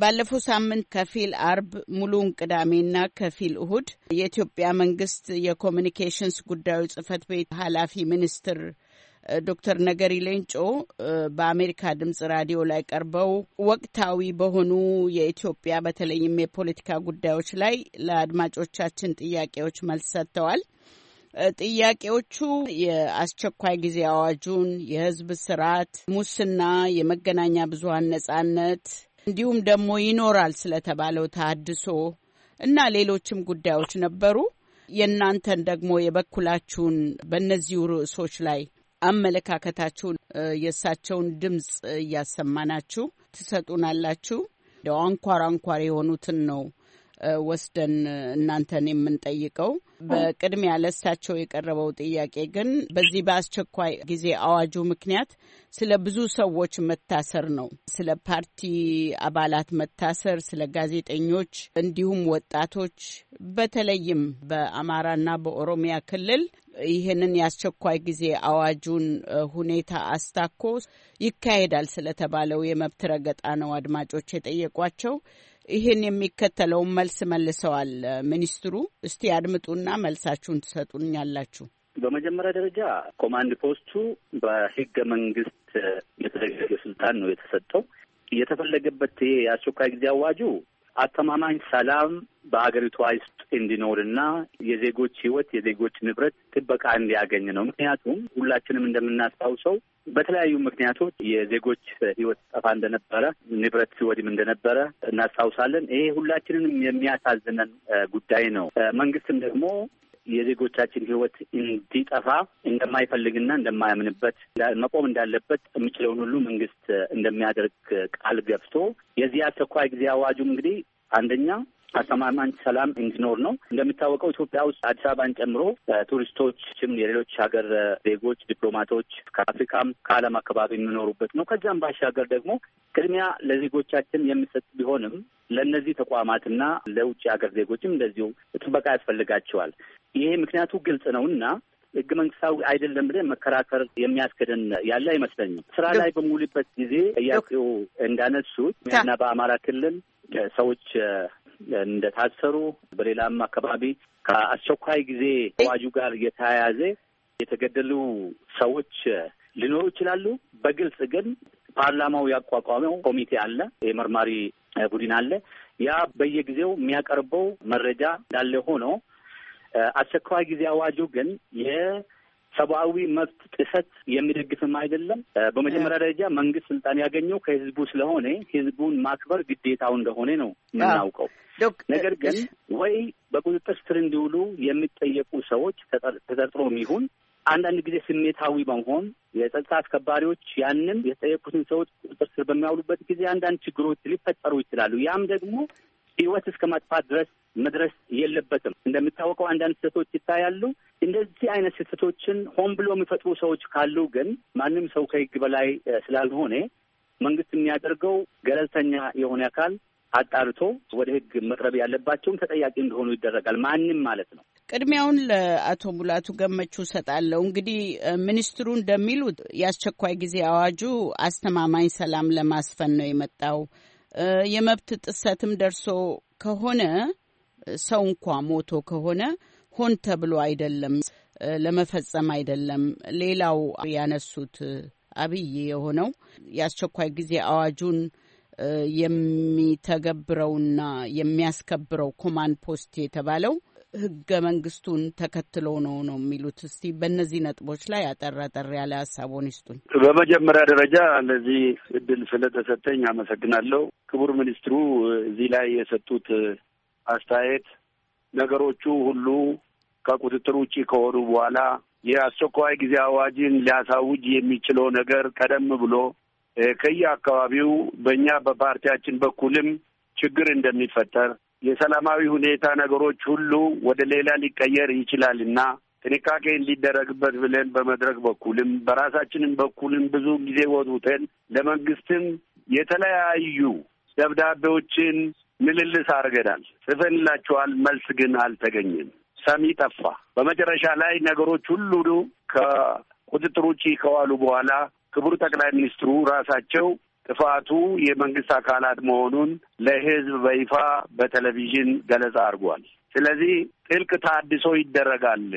ባለፈው ሳምንት ከፊል አርብ ሙሉውን ቅዳሜና ከፊል እሁድ የኢትዮጵያ መንግስት የኮሚኒኬሽንስ ጉዳዮች ጽህፈት ቤት ኃላፊ ሚኒስትር ዶክተር ነገሪ ሌንጮ በአሜሪካ ድምጽ ራዲዮ ላይ ቀርበው ወቅታዊ በሆኑ የኢትዮጵያ በተለይም የፖለቲካ ጉዳዮች ላይ ለአድማጮቻችን ጥያቄዎች መልስ ሰጥተዋል። ጥያቄዎቹ የአስቸኳይ ጊዜ አዋጁን፣ የህዝብ ስርዓት፣ ሙስና፣ የመገናኛ ብዙሀን ነጻነት እንዲሁም ደግሞ ይኖራል ስለተባለው ታድሶ እና ሌሎችም ጉዳዮች ነበሩ። የእናንተን ደግሞ የበኩላችሁን በእነዚሁ ርዕሶች ላይ አመለካከታችሁን የእሳቸውን ድምፅ እያሰማናችሁ ትሰጡናላችሁ። እንዲያው አንኳር አንኳር የሆኑትን ነው ወስደን እናንተን የምንጠይቀው። በቅድሚያ ለእሳቸው የቀረበው ጥያቄ ግን በዚህ በአስቸኳይ ጊዜ አዋጁ ምክንያት ስለ ብዙ ሰዎች መታሰር ነው። ስለ ፓርቲ አባላት መታሰር፣ ስለ ጋዜጠኞች፣ እንዲሁም ወጣቶች በተለይም በአማራና በኦሮሚያ ክልል ይህንን የአስቸኳይ ጊዜ አዋጁን ሁኔታ አስታኮ ይካሄዳል ስለተባለው የመብት ረገጣ ነው አድማጮች የጠየቋቸው። ይህን የሚከተለውን መልስ መልሰዋል ሚኒስትሩ። እስቲ አድምጡና መልሳችሁን ትሰጡኛላችሁ። በመጀመሪያ ደረጃ ኮማንድ ፖስቱ በህገ መንግስት የተደገገ ስልጣን ነው የተሰጠው። የተፈለገበት ይሄ የአስቸኳይ ጊዜ አዋጁ አተማማኝ ሰላም በሀገሪቷ ውስጥ እንዲኖርና የዜጎች ህይወት የዜጎች ንብረት ጥበቃ እንዲያገኝ ነው። ምክንያቱም ሁላችንም እንደምናስታውሰው በተለያዩ ምክንያቶች የዜጎች ህይወት ጠፋ እንደነበረ፣ ንብረት ሲወድም እንደነበረ እናስታውሳለን። ይሄ ሁላችንንም የሚያሳዝነን ጉዳይ ነው። መንግስትም ደግሞ የዜጎቻችን ህይወት እንዲጠፋ እንደማይፈልግና እንደማያምንበት መቆም እንዳለበት የሚችለውን ሁሉ መንግስት እንደሚያደርግ ቃል ገብቶ የዚህ አስቸኳይ ጊዜ አዋጁም እንግዲህ አንደኛ አስተማማኝ ሰላም እንዲኖር ነው። እንደሚታወቀው ኢትዮጵያ ውስጥ አዲስ አበባን ጨምሮ ቱሪስቶችም የሌሎች ሀገር ዜጎች፣ ዲፕሎማቶች ከአፍሪካም ከዓለም አካባቢ የሚኖሩበት ነው። ከዚያም ባሻገር ደግሞ ቅድሚያ ለዜጎቻችን የሚሰጥ ቢሆንም ለእነዚህ ተቋማትና ለውጭ ሀገር ዜጎችም እንደዚሁ ጥበቃ ያስፈልጋቸዋል። ይሄ ምክንያቱ ግልጽ ነው እና ህገ መንግስታዊ አይደለም ብለን መከራከር የሚያስገድን ያለ አይመስለኝም። ስራ ላይ በሙሉበት ጊዜ ጥያቄው እንዳነሱት እና በአማራ ክልል ሰዎች እንደታሰሩ በሌላም አካባቢ ከአስቸኳይ ጊዜ አዋጁ ጋር የተያያዘ የተገደሉ ሰዎች ሊኖሩ ይችላሉ። በግልጽ ግን ፓርላማው ያቋቋመው ኮሚቴ አለ፣ የመርማሪ ቡድን አለ። ያ በየጊዜው የሚያቀርበው መረጃ እንዳለ ሆኖ አስቸኳይ ጊዜ አዋጁ ግን ሰብአዊ መብት ጥሰት የሚደግፍም አይደለም። በመጀመሪያ ደረጃ መንግስት ስልጣን ያገኘው ከህዝቡ ስለሆነ ህዝቡን ማክበር ግዴታው እንደሆነ ነው የምናውቀው። ነገር ግን ወይ በቁጥጥር ስር እንዲውሉ የሚጠየቁ ሰዎች ተጠርጥሮ ይሁን አንዳንድ ጊዜ ስሜታዊ በመሆን የጸጥታ አስከባሪዎች ያንን የተጠየቁትን ሰዎች ቁጥጥር ስር በሚያውሉበት ጊዜ አንዳንድ ችግሮች ሊፈጠሩ ይችላሉ። ያም ደግሞ ህይወት እስከ ማጥፋት ድረስ መድረስ የለበትም። እንደሚታወቀው አንዳንድ ስህተቶች ይታያሉ። እንደዚህ አይነት ስህተቶችን ሆን ብሎ የሚፈጥሩ ሰዎች ካሉ ግን ማንም ሰው ከህግ በላይ ስላልሆነ መንግስት የሚያደርገው ገለልተኛ የሆነ አካል አጣርቶ ወደ ህግ መቅረብ ያለባቸውም ተጠያቂ እንደሆኑ ይደረጋል። ማንም ማለት ነው። ቅድሚያውን ለአቶ ሙላቱ ገመቹ ሰጣለሁ። እንግዲህ ሚኒስትሩ እንደሚሉት የአስቸኳይ ጊዜ አዋጁ አስተማማኝ ሰላም ለማስፈን ነው የመጣው የመብት ጥሰትም ደርሶ ከሆነ ሰው እንኳ ሞቶ ከሆነ ሆን ተብሎ አይደለም ለመፈጸም አይደለም። ሌላው ያነሱት አብይ የሆነው የአስቸኳይ ጊዜ አዋጁን የሚተገብረውና የሚያስከብረው ኮማንድ ፖስት የተባለው ህገ መንግስቱን ተከትሎ ነው ነው የሚሉት። እስቲ በእነዚህ ነጥቦች ላይ አጠር አጠር ያለ ሀሳቦን ይስጡኝ። በመጀመሪያ ደረጃ ለዚህ እድል ስለተሰጠኝ አመሰግናለሁ። ክቡር ሚኒስትሩ እዚህ ላይ የሰጡት አስተያየት ነገሮቹ ሁሉ ከቁጥጥር ውጭ ከሆኑ በኋላ የአስቸኳይ ጊዜ አዋጅን ሊያሳውጅ የሚችለው ነገር ቀደም ብሎ ከየአካባቢው በእኛ በፓርቲያችን በኩልም ችግር እንደሚፈጠር የሰላማዊ ሁኔታ ነገሮች ሁሉ ወደ ሌላ ሊቀየር ይችላል እና ጥንቃቄ እንዲደረግበት ብለን በመድረክ በኩልም በራሳችንም በኩልም ብዙ ጊዜ ወጡትን ለመንግስትም የተለያዩ ደብዳቤዎችን ምልልስ አድርገናል፣ ጽፈንላቸዋል። መልስ ግን አልተገኘም። ሰሚ ጠፋ። በመጨረሻ ላይ ነገሮች ሁሉ ከቁጥጥር ውጪ ከዋሉ በኋላ ክቡር ጠቅላይ ሚኒስትሩ ራሳቸው ጥፋቱ የመንግስት አካላት መሆኑን ለህዝብ በይፋ በቴሌቪዥን ገለጻ አድርጓል። ስለዚህ ጥልቅ ታድሶ ይደረጋል፣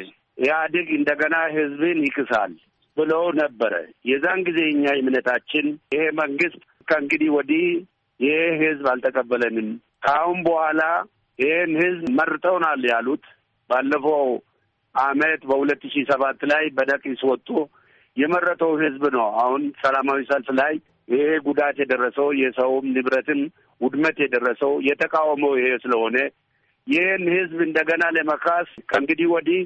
ኢህአዴግ እንደገና ህዝብን ይክሳል ብሎ ነበረ። የዛን ጊዜ እኛ እምነታችን ይሄ መንግስት ከእንግዲህ ወዲህ ይሄ ህዝብ አልተቀበለንም፣ ከአሁን በኋላ ይህን ህዝብ መርጠውናል ያሉት ባለፈው አመት በሁለት ሺህ ሰባት ላይ በነቂስ ወጥቶ የመረጠው ህዝብ ነው። አሁን ሰላማዊ ሰልፍ ላይ ይሄ ጉዳት የደረሰው የሰውም ንብረትም ውድመት የደረሰው የተቃወመው ይሄ ስለሆነ ይህን ህዝብ እንደገና ለመካስ ከእንግዲህ ወዲህ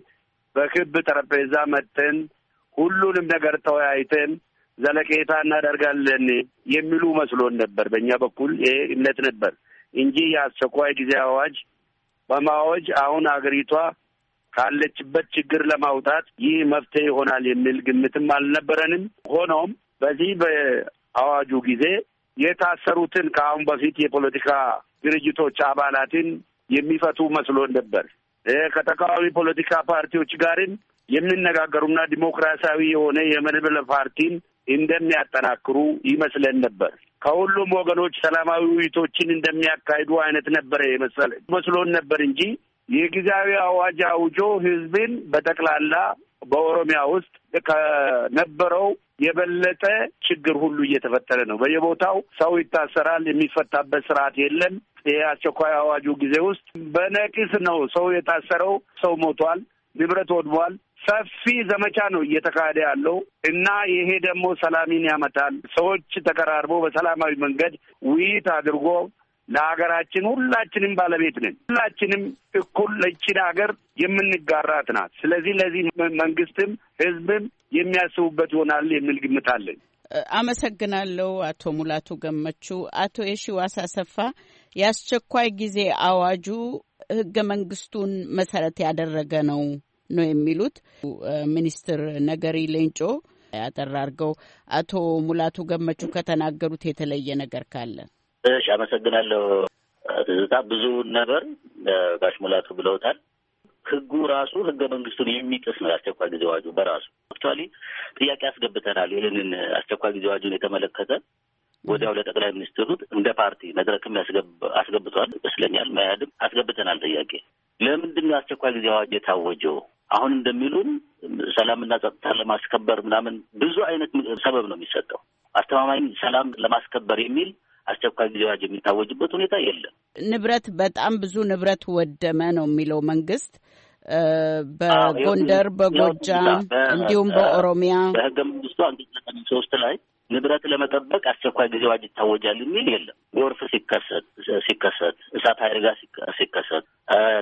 በክብ ጠረጴዛ መጥተን ሁሉንም ነገር ተወያይተን ዘለቄታ እናደርጋለን የሚሉ መስሎን ነበር። በእኛ በኩል ይሄ እምነት ነበር እንጂ የአስቸኳይ ጊዜ አዋጅ በማወጅ አሁን አገሪቷ ካለችበት ችግር ለማውጣት ይህ መፍትሄ ይሆናል የሚል ግምትም አልነበረንም። ሆኖም በዚህ አዋጁ ጊዜ የታሰሩትን ከአሁን በፊት የፖለቲካ ድርጅቶች አባላትን የሚፈቱ መስሎን ነበር። ከተቃዋሚ ፖለቲካ ፓርቲዎች ጋርም የሚነጋገሩና ዲሞክራሲያዊ የሆነ የመድበለ ፓርቲን እንደሚያጠናክሩ ይመስለን ነበር። ከሁሉም ወገኖች ሰላማዊ ውይይቶችን እንደሚያካሂዱ አይነት ነበረ የመሰለ መስሎን ነበር እንጂ የጊዜያዊ አዋጅ አውጆ ህዝብን በጠቅላላ በኦሮሚያ ውስጥ ከነበረው የበለጠ ችግር ሁሉ እየተፈጠረ ነው። በየቦታው ሰው ይታሰራል። የሚፈታበት ስርዓት የለም። የአስቸኳይ አስቸኳይ አዋጁ ጊዜ ውስጥ በነቂስ ነው ሰው የታሰረው። ሰው ሞቷል፣ ንብረት ወድሟል። ሰፊ ዘመቻ ነው እየተካሄደ ያለው እና ይሄ ደግሞ ሰላምን ያመጣል። ሰዎች ተቀራርቦ በሰላማዊ መንገድ ውይይት አድርጎ ለሀገራችን ሁላችንም ባለቤት ነን። ሁላችንም እኩል ለችን ሀገር የምንጋራት ናት። ስለዚህ ለዚህ መንግስትም ህዝብም የሚያስቡበት ይሆናል የሚል ግምት አለን። አመሰግናለሁ አቶ ሙላቱ ገመቹ። አቶ የሺዋስ አሰፋ የአስቸኳይ ጊዜ አዋጁ ህገ መንግስቱን መሰረት ያደረገ ነው ነው የሚሉት ሚኒስትር ነገሪ ሌንጮ ያጠራርገው አቶ ሙላቱ ገመቹ ከተናገሩት የተለየ ነገር ካለ እሺ፣ አመሰግናለሁ ትዝታ። ብዙ ነበር ጋሽ ሙላቱ ብለውታል። ህጉ ራሱ ህገ መንግስቱን የሚጥስ ነው የአስቸኳይ ጊዜ አዋጁ በራሱ። አክቹዋሊ ጥያቄ አስገብተናል። ይህንን አስቸኳይ ጊዜ አዋጁን የተመለከተ ወዲያው ለጠቅላይ ሚኒስትሩ እንደ ፓርቲ መድረክም አስገብቷል ይመስለኛል፣ መያድም አስገብተናል ጥያቄ። ለምንድን ነው አስቸኳይ ጊዜ አዋጅ የታወጀው? አሁን እንደሚሉን ሰላምና ጸጥታ ለማስከበር ምናምን ብዙ አይነት ሰበብ ነው የሚሰጠው። አስተማማኝ ሰላም ለማስከበር የሚል አስቸኳይ ጊዜ አዋጅ የሚታወጅበት ሁኔታ የለም። ንብረት በጣም ብዙ ንብረት ወደመ ነው የሚለው መንግስት በጎንደር በጎጃም እንዲሁም በኦሮሚያ በህገ መንግስቱ አንቀጽ ዘጠና ሶስት ላይ ንብረት ለመጠበቅ አስቸኳይ ጊዜ አዋጅ ይታወጃል የሚል የለም። ጎርፍ ሲከሰት ሲከሰት እሳት አደጋ ሲከሰት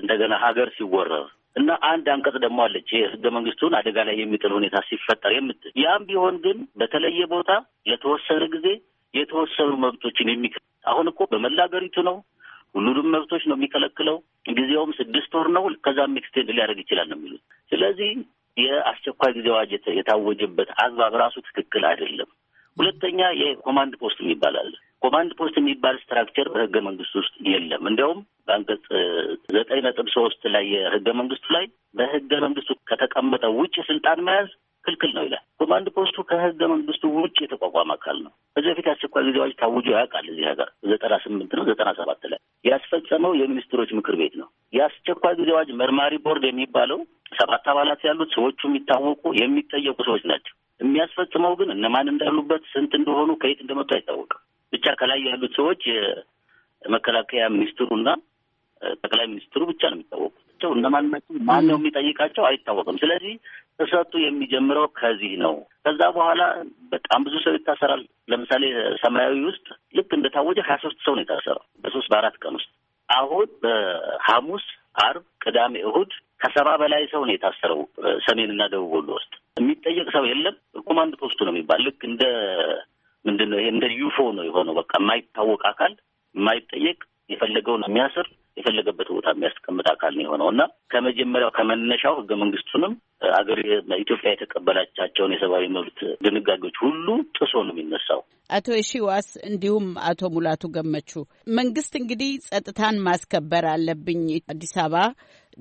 እንደገና ሀገር ሲወረር እና አንድ አንቀጽ ደግሞ አለች የህገ መንግስቱን አደጋ ላይ የሚጥል ሁኔታ ሲፈጠር የምትል ያም ቢሆን ግን በተለየ ቦታ ለተወሰነ ጊዜ የተወሰኑ መብቶችን የሚከ አሁን እኮ በመላ ሀገሪቱ ነው ሁሉንም መብቶች ነው የሚከለክለው። ጊዜውም ስድስት ወር ነው፣ ከዛም ኤክስቴንድ ሊያደርግ ይችላል ነው የሚሉት። ስለዚህ የአስቸኳይ ጊዜ አዋጅ የታወጀበት አግባብ ራሱ ትክክል አይደለም። ሁለተኛ የኮማንድ ፖስት የሚባል አለ። ኮማንድ ፖስት የሚባል ስትራክቸር በህገ መንግስት ውስጥ የለም። እንዲያውም በአንቀጽ ዘጠኝ ነጥብ ሶስት ላይ የህገ መንግስቱ ላይ በህገ መንግስቱ ከተቀመጠ ውጭ ስልጣን መያዝ ክልክል ነው ይላል። ኮማንድ ፖስቱ ከህገ መንግስቱ ውጭ የተቋቋመ አካል ነው። በዚህ በፊት አስቸኳይ ጊዜ አዋጅ ታውጆ ያውቃል። እዚህ ሀገር ዘጠና ስምንት ነው ዘጠና ሰባት ላይ ያስፈጸመው የሚኒስትሮች ምክር ቤት ነው። የአስቸኳይ ጊዜ አዋጅ መርማሪ ቦርድ የሚባለው ሰባት አባላት ያሉት ሰዎቹ የሚታወቁ የሚጠየቁ ሰዎች ናቸው። የሚያስፈጽመው ግን እነማን እንዳሉበት ስንት እንደሆኑ ከየት እንደመጡ አይታወቅም። ብቻ ከላይ ያሉት ሰዎች የመከላከያ ሚኒስትሩና ጠቅላይ ሚኒስትሩ ብቻ ነው የሚታወቁት። ናቸው እነማን ማን ነው የሚጠይቃቸው አይታወቅም። ስለዚህ እሰቱ የሚጀምረው ከዚህ ነው። ከዛ በኋላ በጣም ብዙ ሰው ይታሰራል። ለምሳሌ ሰማያዊ ውስጥ ልክ እንደታወጀ ሀያ ሶስት ሰው ነው የታሰረው በሶስት በአራት ቀን ውስጥ አሁን በሐሙስ፣ አርብ፣ ቅዳሜ፣ እሁድ ከሰባ በላይ ሰው ነው የታሰረው ሰሜንና ደቡብ ወሎ ውስጥ የሚጠየቅ ሰው የለም። ኮማንድ ፖስቱ ነው የሚባል ልክ እንደ ምንድን ነው ይሄ እንደ ዩፎ ነው የሆነው። በቃ የማይታወቅ አካል የማይጠየቅ የፈለገውን የሚያስር የፈለገበት ቦታ የሚያስቀምጥ አካል ነው የሆነው እና ከመጀመሪያው ከመነሻው ህገ መንግስቱንም አገር ኢትዮጵያ የተቀበላቻቸውን የሰብአዊ መብት ድንጋጌዎች ሁሉ ጥሶ ነው የሚነሳው። አቶ የሺዋስ እንዲሁም አቶ ሙላቱ ገመቹ መንግስት እንግዲህ ጸጥታን ማስከበር አለብኝ፣ አዲስ አበባ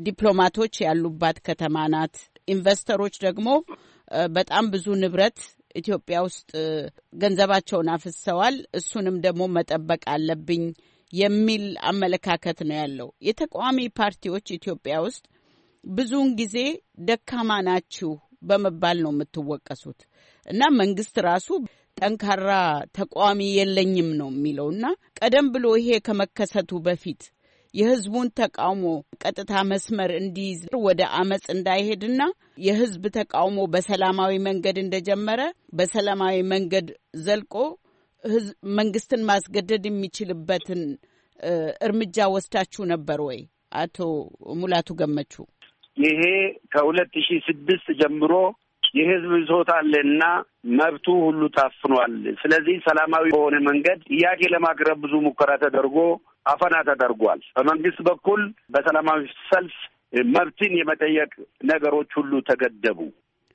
ዲፕሎማቶች ያሉባት ከተማ ናት፣ ኢንቨስተሮች ደግሞ በጣም ብዙ ንብረት ኢትዮጵያ ውስጥ ገንዘባቸውን አፍሰዋል፣ እሱንም ደግሞ መጠበቅ አለብኝ የሚል አመለካከት ነው ያለው። የተቃዋሚ ፓርቲዎች ኢትዮጵያ ውስጥ ብዙውን ጊዜ ደካማ ናችሁ በመባል ነው የምትወቀሱት እና መንግስት ራሱ ጠንካራ ተቃዋሚ የለኝም ነው የሚለው እና ቀደም ብሎ ይሄ ከመከሰቱ በፊት የህዝቡን ተቃውሞ ቀጥታ መስመር እንዲይዝ ወደ አመፅ እንዳይሄድና የህዝብ ተቃውሞ በሰላማዊ መንገድ እንደጀመረ በሰላማዊ መንገድ ዘልቆ መንግስትን ማስገደድ የሚችልበትን እርምጃ ወስዳችሁ ነበር ወይ? አቶ ሙላቱ ገመቹ ይሄ ከሁለት ሺ ስድስት ጀምሮ የህዝብ ብሶት አለና መብቱ ሁሉ ታፍኗል። ስለዚህ ሰላማዊ በሆነ መንገድ ጥያቄ ለማቅረብ ብዙ ሙከራ ተደርጎ አፈና ተደርጓል። በመንግስት በኩል በሰላማዊ ሰልፍ መብትን የመጠየቅ ነገሮች ሁሉ ተገደቡ።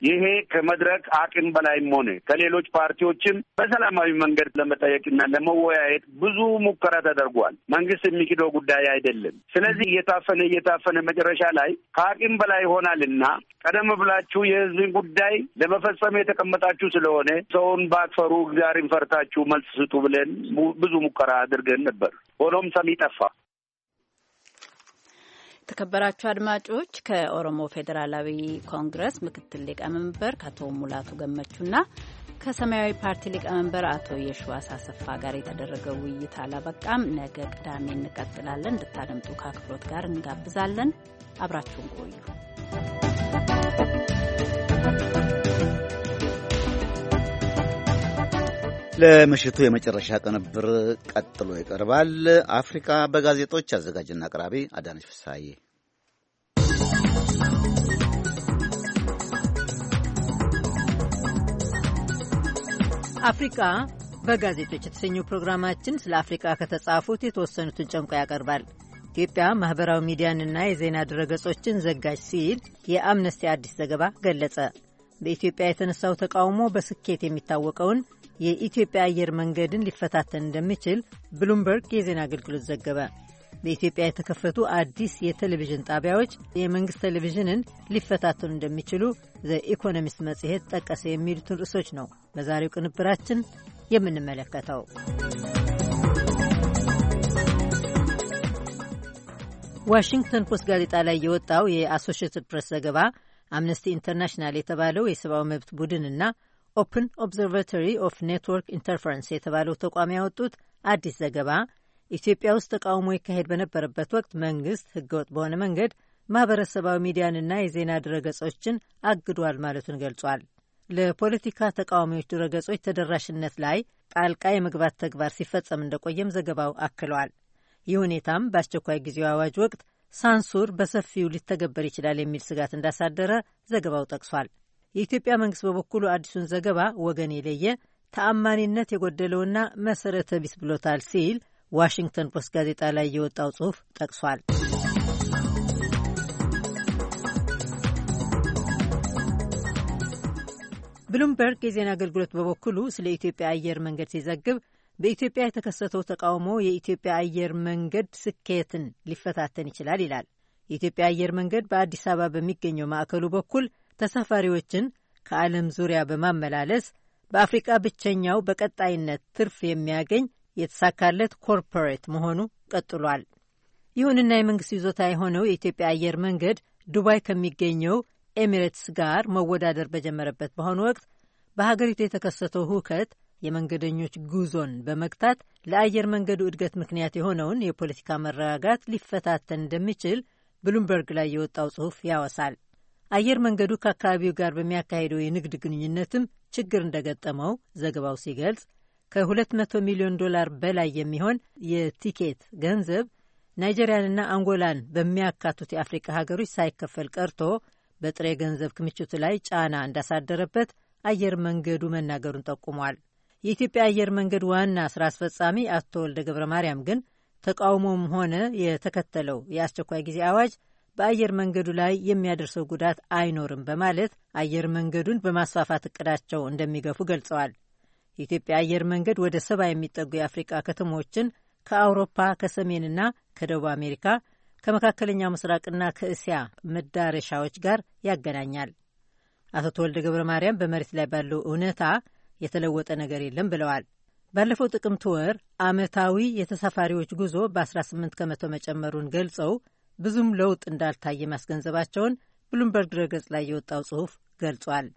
ይሄ ከመድረክ አቅም በላይም ሆነ ከሌሎች ፓርቲዎችም በሰላማዊ መንገድ ለመጠየቅና ለመወያየት ብዙ ሙከራ ተደርጓል። መንግስት የሚክደው ጉዳይ አይደለም። ስለዚህ እየታፈነ እየታፈነ መጨረሻ ላይ ከአቅም በላይ ይሆናልና ቀደም ብላችሁ የህዝብን ጉዳይ ለመፈጸም የተቀመጣችሁ ስለሆነ ሰውን ባትፈሩ እግዚአብሔርን ፈርታችሁ መልስ ስጡ ብለን ብዙ ሙከራ አድርገን ነበር። ሆኖም ሰሚ ጠፋ። የተከበራችሁ አድማጮች ከኦሮሞ ፌዴራላዊ ኮንግረስ ምክትል ሊቀመንበር ከአቶ ሙላቱ ገመቹና ከሰማያዊ ፓርቲ ሊቀመንበር አቶ የሽዋስ አሰፋ ጋር የተደረገው ውይይት አላበቃም። ነገ ቅዳሜ እንቀጥላለን። እንድታደምጡ ከአክብሮት ጋር እንጋብዛለን። አብራችሁን ቆዩ። ለምሽቱ የመጨረሻ ቅንብር ቀጥሎ ይቀርባል። አፍሪካ በጋዜጦች አዘጋጅና አቅራቢ አዳነች ፍሳዬ። አፍሪካ በጋዜጦች የተሰኘው ፕሮግራማችን ስለ አፍሪካ ከተጻፉት የተወሰኑትን ጨምቆ ያቀርባል። ኢትዮጵያ ማኅበራዊ ሚዲያንና የዜና ድረገጾችን ዘጋጅ ሲል የአምነስቲ አዲስ ዘገባ ገለጸ። በኢትዮጵያ የተነሳው ተቃውሞ በስኬት የሚታወቀውን የኢትዮጵያ አየር መንገድን ሊፈታተን እንደሚችል ብሉምበርግ የዜና አገልግሎት ዘገበ። በኢትዮጵያ የተከፈቱ አዲስ የቴሌቪዥን ጣቢያዎች የመንግሥት ቴሌቪዥንን ሊፈታተኑ እንደሚችሉ ዘኢኮኖሚስት መጽሔት ጠቀሰ። የሚሉትን ርዕሶች ነው በዛሬው ቅንብራችን የምንመለከተው። ዋሽንግተን ፖስት ጋዜጣ ላይ የወጣው የአሶሽትድ ፕሬስ ዘገባ አምነስቲ ኢንተርናሽናል የተባለው የሰብአዊ መብት ቡድንና ኦፕን ኦብዘርቫቶሪ ኦፍ ኔትወርክ ኢንተርፈረንስ የተባለው ተቋም ያወጡት አዲስ ዘገባ ኢትዮጵያ ውስጥ ተቃውሞ ይካሄድ በነበረበት ወቅት መንግስት ህገወጥ በሆነ መንገድ ማህበረሰባዊ ሚዲያንና የዜና ድረገጾችን አግዷል ማለቱን ገልጿል። ለፖለቲካ ተቃዋሚዎች ድረገጾች ተደራሽነት ላይ ጣልቃ የመግባት ተግባር ሲፈጸም እንደቆየም ዘገባው አክለዋል። ይህ ሁኔታም በአስቸኳይ ጊዜው አዋጅ ወቅት ሳንሱር በሰፊው ሊተገበር ይችላል የሚል ስጋት እንዳሳደረ ዘገባው ጠቅሷል። የኢትዮጵያ መንግስት በበኩሉ አዲሱን ዘገባ ወገን የለየ ተአማኒነት የጎደለውና መሰረተ ቢስ ብሎታል ሲል ዋሽንግተን ፖስት ጋዜጣ ላይ የወጣው ጽሑፍ ጠቅሷል። ብሉምበርግ የዜና አገልግሎት በበኩሉ ስለ ኢትዮጵያ አየር መንገድ ሲዘግብ በኢትዮጵያ የተከሰተው ተቃውሞ የኢትዮጵያ አየር መንገድ ስኬትን ሊፈታተን ይችላል ይላል። የኢትዮጵያ አየር መንገድ በአዲስ አበባ በሚገኘው ማዕከሉ በኩል ተሳፋሪዎችን ከዓለም ዙሪያ በማመላለስ በአፍሪቃ ብቸኛው በቀጣይነት ትርፍ የሚያገኝ የተሳካለት ኮርፖሬት መሆኑ ቀጥሏል። ይሁንና የመንግሥት ይዞታ የሆነው የኢትዮጵያ አየር መንገድ ዱባይ ከሚገኘው ኤሚሬትስ ጋር መወዳደር በጀመረበት በአሁኑ ወቅት በሀገሪቱ የተከሰተው ሁከት የመንገደኞች ጉዞን በመግታት ለአየር መንገዱ እድገት ምክንያት የሆነውን የፖለቲካ መረጋጋት ሊፈታተን እንደሚችል ብሉምበርግ ላይ የወጣው ጽሑፍ ያወሳል። አየር መንገዱ ከአካባቢው ጋር በሚያካሂደው የንግድ ግንኙነትም ችግር እንደገጠመው ዘገባው ሲገልጽ ከ200 ሚሊዮን ዶላር በላይ የሚሆን የቲኬት ገንዘብ ናይጄሪያንና አንጎላን በሚያካቱት የአፍሪካ ሀገሮች ሳይከፈል ቀርቶ በጥሬ ገንዘብ ክምችቱ ላይ ጫና እንዳሳደረበት አየር መንገዱ መናገሩን ጠቁሟል። የኢትዮጵያ አየር መንገድ ዋና ስራ አስፈጻሚ አቶ ወልደ ገብረ ማርያም ግን ተቃውሞም ሆነ የተከተለው የአስቸኳይ ጊዜ አዋጅ በአየር መንገዱ ላይ የሚያደርሰው ጉዳት አይኖርም በማለት አየር መንገዱን በማስፋፋት እቅዳቸው እንደሚገፉ ገልጸዋል። የኢትዮጵያ አየር መንገድ ወደ ሰባ የሚጠጉ የአፍሪቃ ከተሞችን ከአውሮፓ ከሰሜንና ከደቡብ አሜሪካ ከመካከለኛው ምስራቅና ከእስያ መዳረሻዎች ጋር ያገናኛል። አቶ ተወልደ ገብረ ማርያም በመሬት ላይ ባለው እውነታ የተለወጠ ነገር የለም ብለዋል። ባለፈው ጥቅምት ወር ዓመታዊ የተሳፋሪዎች ጉዞ በ18 ከመቶ መጨመሩን ገልጸው ብዙም ለውጥ እንዳልታየ ማስገንዘባቸውን ብሉምበርግ ድረገጽ ላይ የወጣው ጽሑፍ ገልጿል።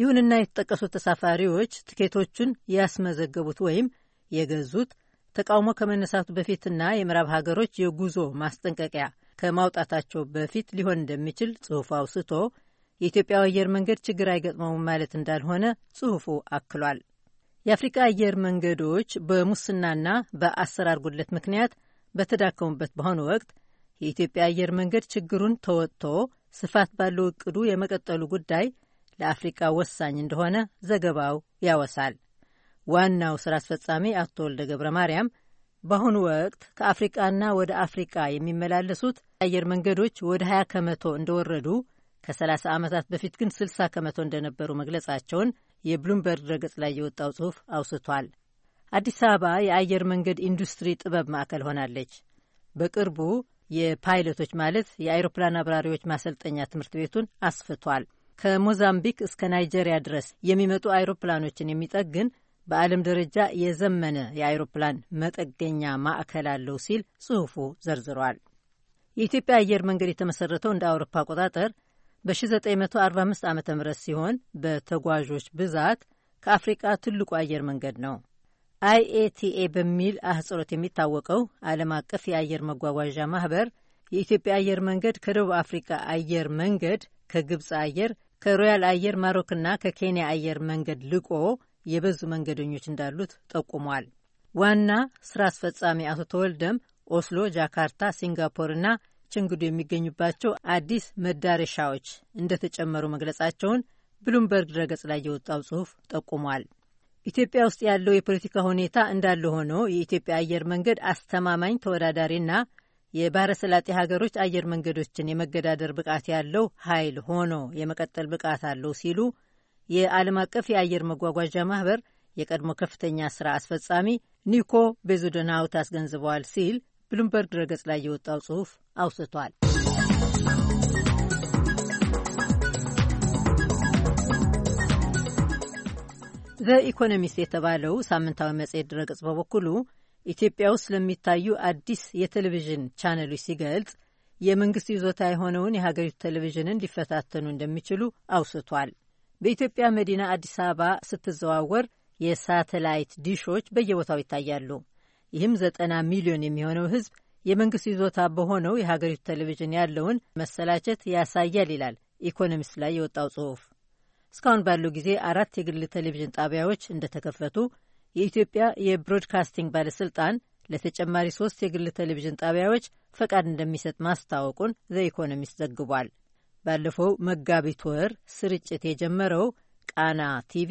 ይሁንና የተጠቀሱት ተሳፋሪዎች ትኬቶቹን ያስመዘገቡት ወይም የገዙት ተቃውሞ ከመነሳቱ በፊትና የምዕራብ ሀገሮች የጉዞ ማስጠንቀቂያ ከማውጣታቸው በፊት ሊሆን እንደሚችል ጽሑፉ አውስቶ የኢትዮጵያ አየር መንገድ ችግር አይገጥመውም ማለት እንዳልሆነ ጽሑፉ አክሏል። የአፍሪካ አየር መንገዶች በሙስናና በአሰራር ጉድለት ምክንያት በተዳከሙበት በአሁኑ ወቅት የኢትዮጵያ አየር መንገድ ችግሩን ተወጥቶ ስፋት ባለው እቅዱ የመቀጠሉ ጉዳይ ለአፍሪቃ ወሳኝ እንደሆነ ዘገባው ያወሳል። ዋናው ስራ አስፈጻሚ አቶ ወልደ ገብረ ማርያም በአሁኑ ወቅት ከአፍሪቃና ወደ አፍሪቃ የሚመላለሱት አየር መንገዶች ወደ 20 ከመቶ እንደወረዱ ከ30 ዓመታት በፊት ግን 60 ከመቶ እንደነበሩ መግለጻቸውን የብሉምበርግ ድረገጽ ላይ የወጣው ጽሑፍ አውስቷል። አዲስ አበባ የአየር መንገድ ኢንዱስትሪ ጥበብ ማዕከል ሆናለች። በቅርቡ የፓይለቶች ማለት የአይሮፕላን አብራሪዎች ማሰልጠኛ ትምህርት ቤቱን አስፍቷል። ከሞዛምቢክ እስከ ናይጄሪያ ድረስ የሚመጡ አይሮፕላኖችን የሚጠግን በዓለም ደረጃ የዘመነ የአይሮፕላን መጠገኛ ማዕከል አለው ሲል ጽሑፉ ዘርዝሯል። የኢትዮጵያ አየር መንገድ የተመሰረተው እንደ አውሮፓ አቆጣጠር በ1945 ዓ ም ሲሆን በተጓዦች ብዛት ከአፍሪቃ ትልቁ አየር መንገድ ነው። አይኤቲኤ በሚል አህጽሮት የሚታወቀው ዓለም አቀፍ የአየር መጓጓዣ ማህበር የኢትዮጵያ አየር መንገድ ከደቡብ አፍሪካ አየር መንገድ፣ ከግብፅ አየር፣ ከሮያል አየር ማሮክና ከኬንያ አየር መንገድ ልቆ የበዙ መንገደኞች እንዳሉት ጠቁሟል። ዋና ስራ አስፈጻሚ አቶ ተወልደም ኦስሎ፣ ጃካርታ፣ ሲንጋፖርና ችንግዱ የሚገኙባቸው አዲስ መዳረሻዎች እንደተጨመሩ መግለጻቸውን ብሉምበርግ ድረገጽ ላይ የወጣው ጽሑፍ ጠቁሟል። ኢትዮጵያ ውስጥ ያለው የፖለቲካ ሁኔታ እንዳለ ሆኖ የኢትዮጵያ አየር መንገድ አስተማማኝ ተወዳዳሪና የባህረ ሰላጤ ሀገሮች አየር መንገዶችን የመገዳደር ብቃት ያለው ኃይል ሆኖ የመቀጠል ብቃት አለው ሲሉ የዓለም አቀፍ የአየር መጓጓዣ ማህበር የቀድሞ ከፍተኛ ስራ አስፈጻሚ ኒኮ ቤዙደናውት አስገንዝበዋል ሲል ብሉምበርግ ድረገጽ ላይ የወጣው ጽሑፍ አውስቷል። ዘኢኮኖሚስት የተባለው ሳምንታዊ መጽሔት ድረገጽ በበኩሉ ኢትዮጵያ ውስጥ ስለሚታዩ አዲስ የቴሌቪዥን ቻነሎች ሲገልጽ የመንግስት ይዞታ የሆነውን የሀገሪቱ ቴሌቪዥንን ሊፈታተኑ እንደሚችሉ አውስቷል። በኢትዮጵያ መዲና አዲስ አበባ ስትዘዋወር የሳተላይት ዲሾች በየቦታው ይታያሉ። ይህም ዘጠና ሚሊዮን የሚሆነው ሕዝብ የመንግስት ይዞታ በሆነው የሀገሪቱ ቴሌቪዥን ያለውን መሰላቸት ያሳያል ይላል ኢኮኖሚስት ላይ የወጣው ጽሑፍ። እስካሁን ባለው ጊዜ አራት የግል ቴሌቪዥን ጣቢያዎች እንደተከፈቱ የኢትዮጵያ የብሮድካስቲንግ ባለስልጣን ለተጨማሪ ሶስት የግል ቴሌቪዥን ጣቢያዎች ፈቃድ እንደሚሰጥ ማስታወቁን ዘ ኢኮኖሚስት ዘግቧል። ባለፈው መጋቢት ወር ስርጭት የጀመረው ቃና ቲቪ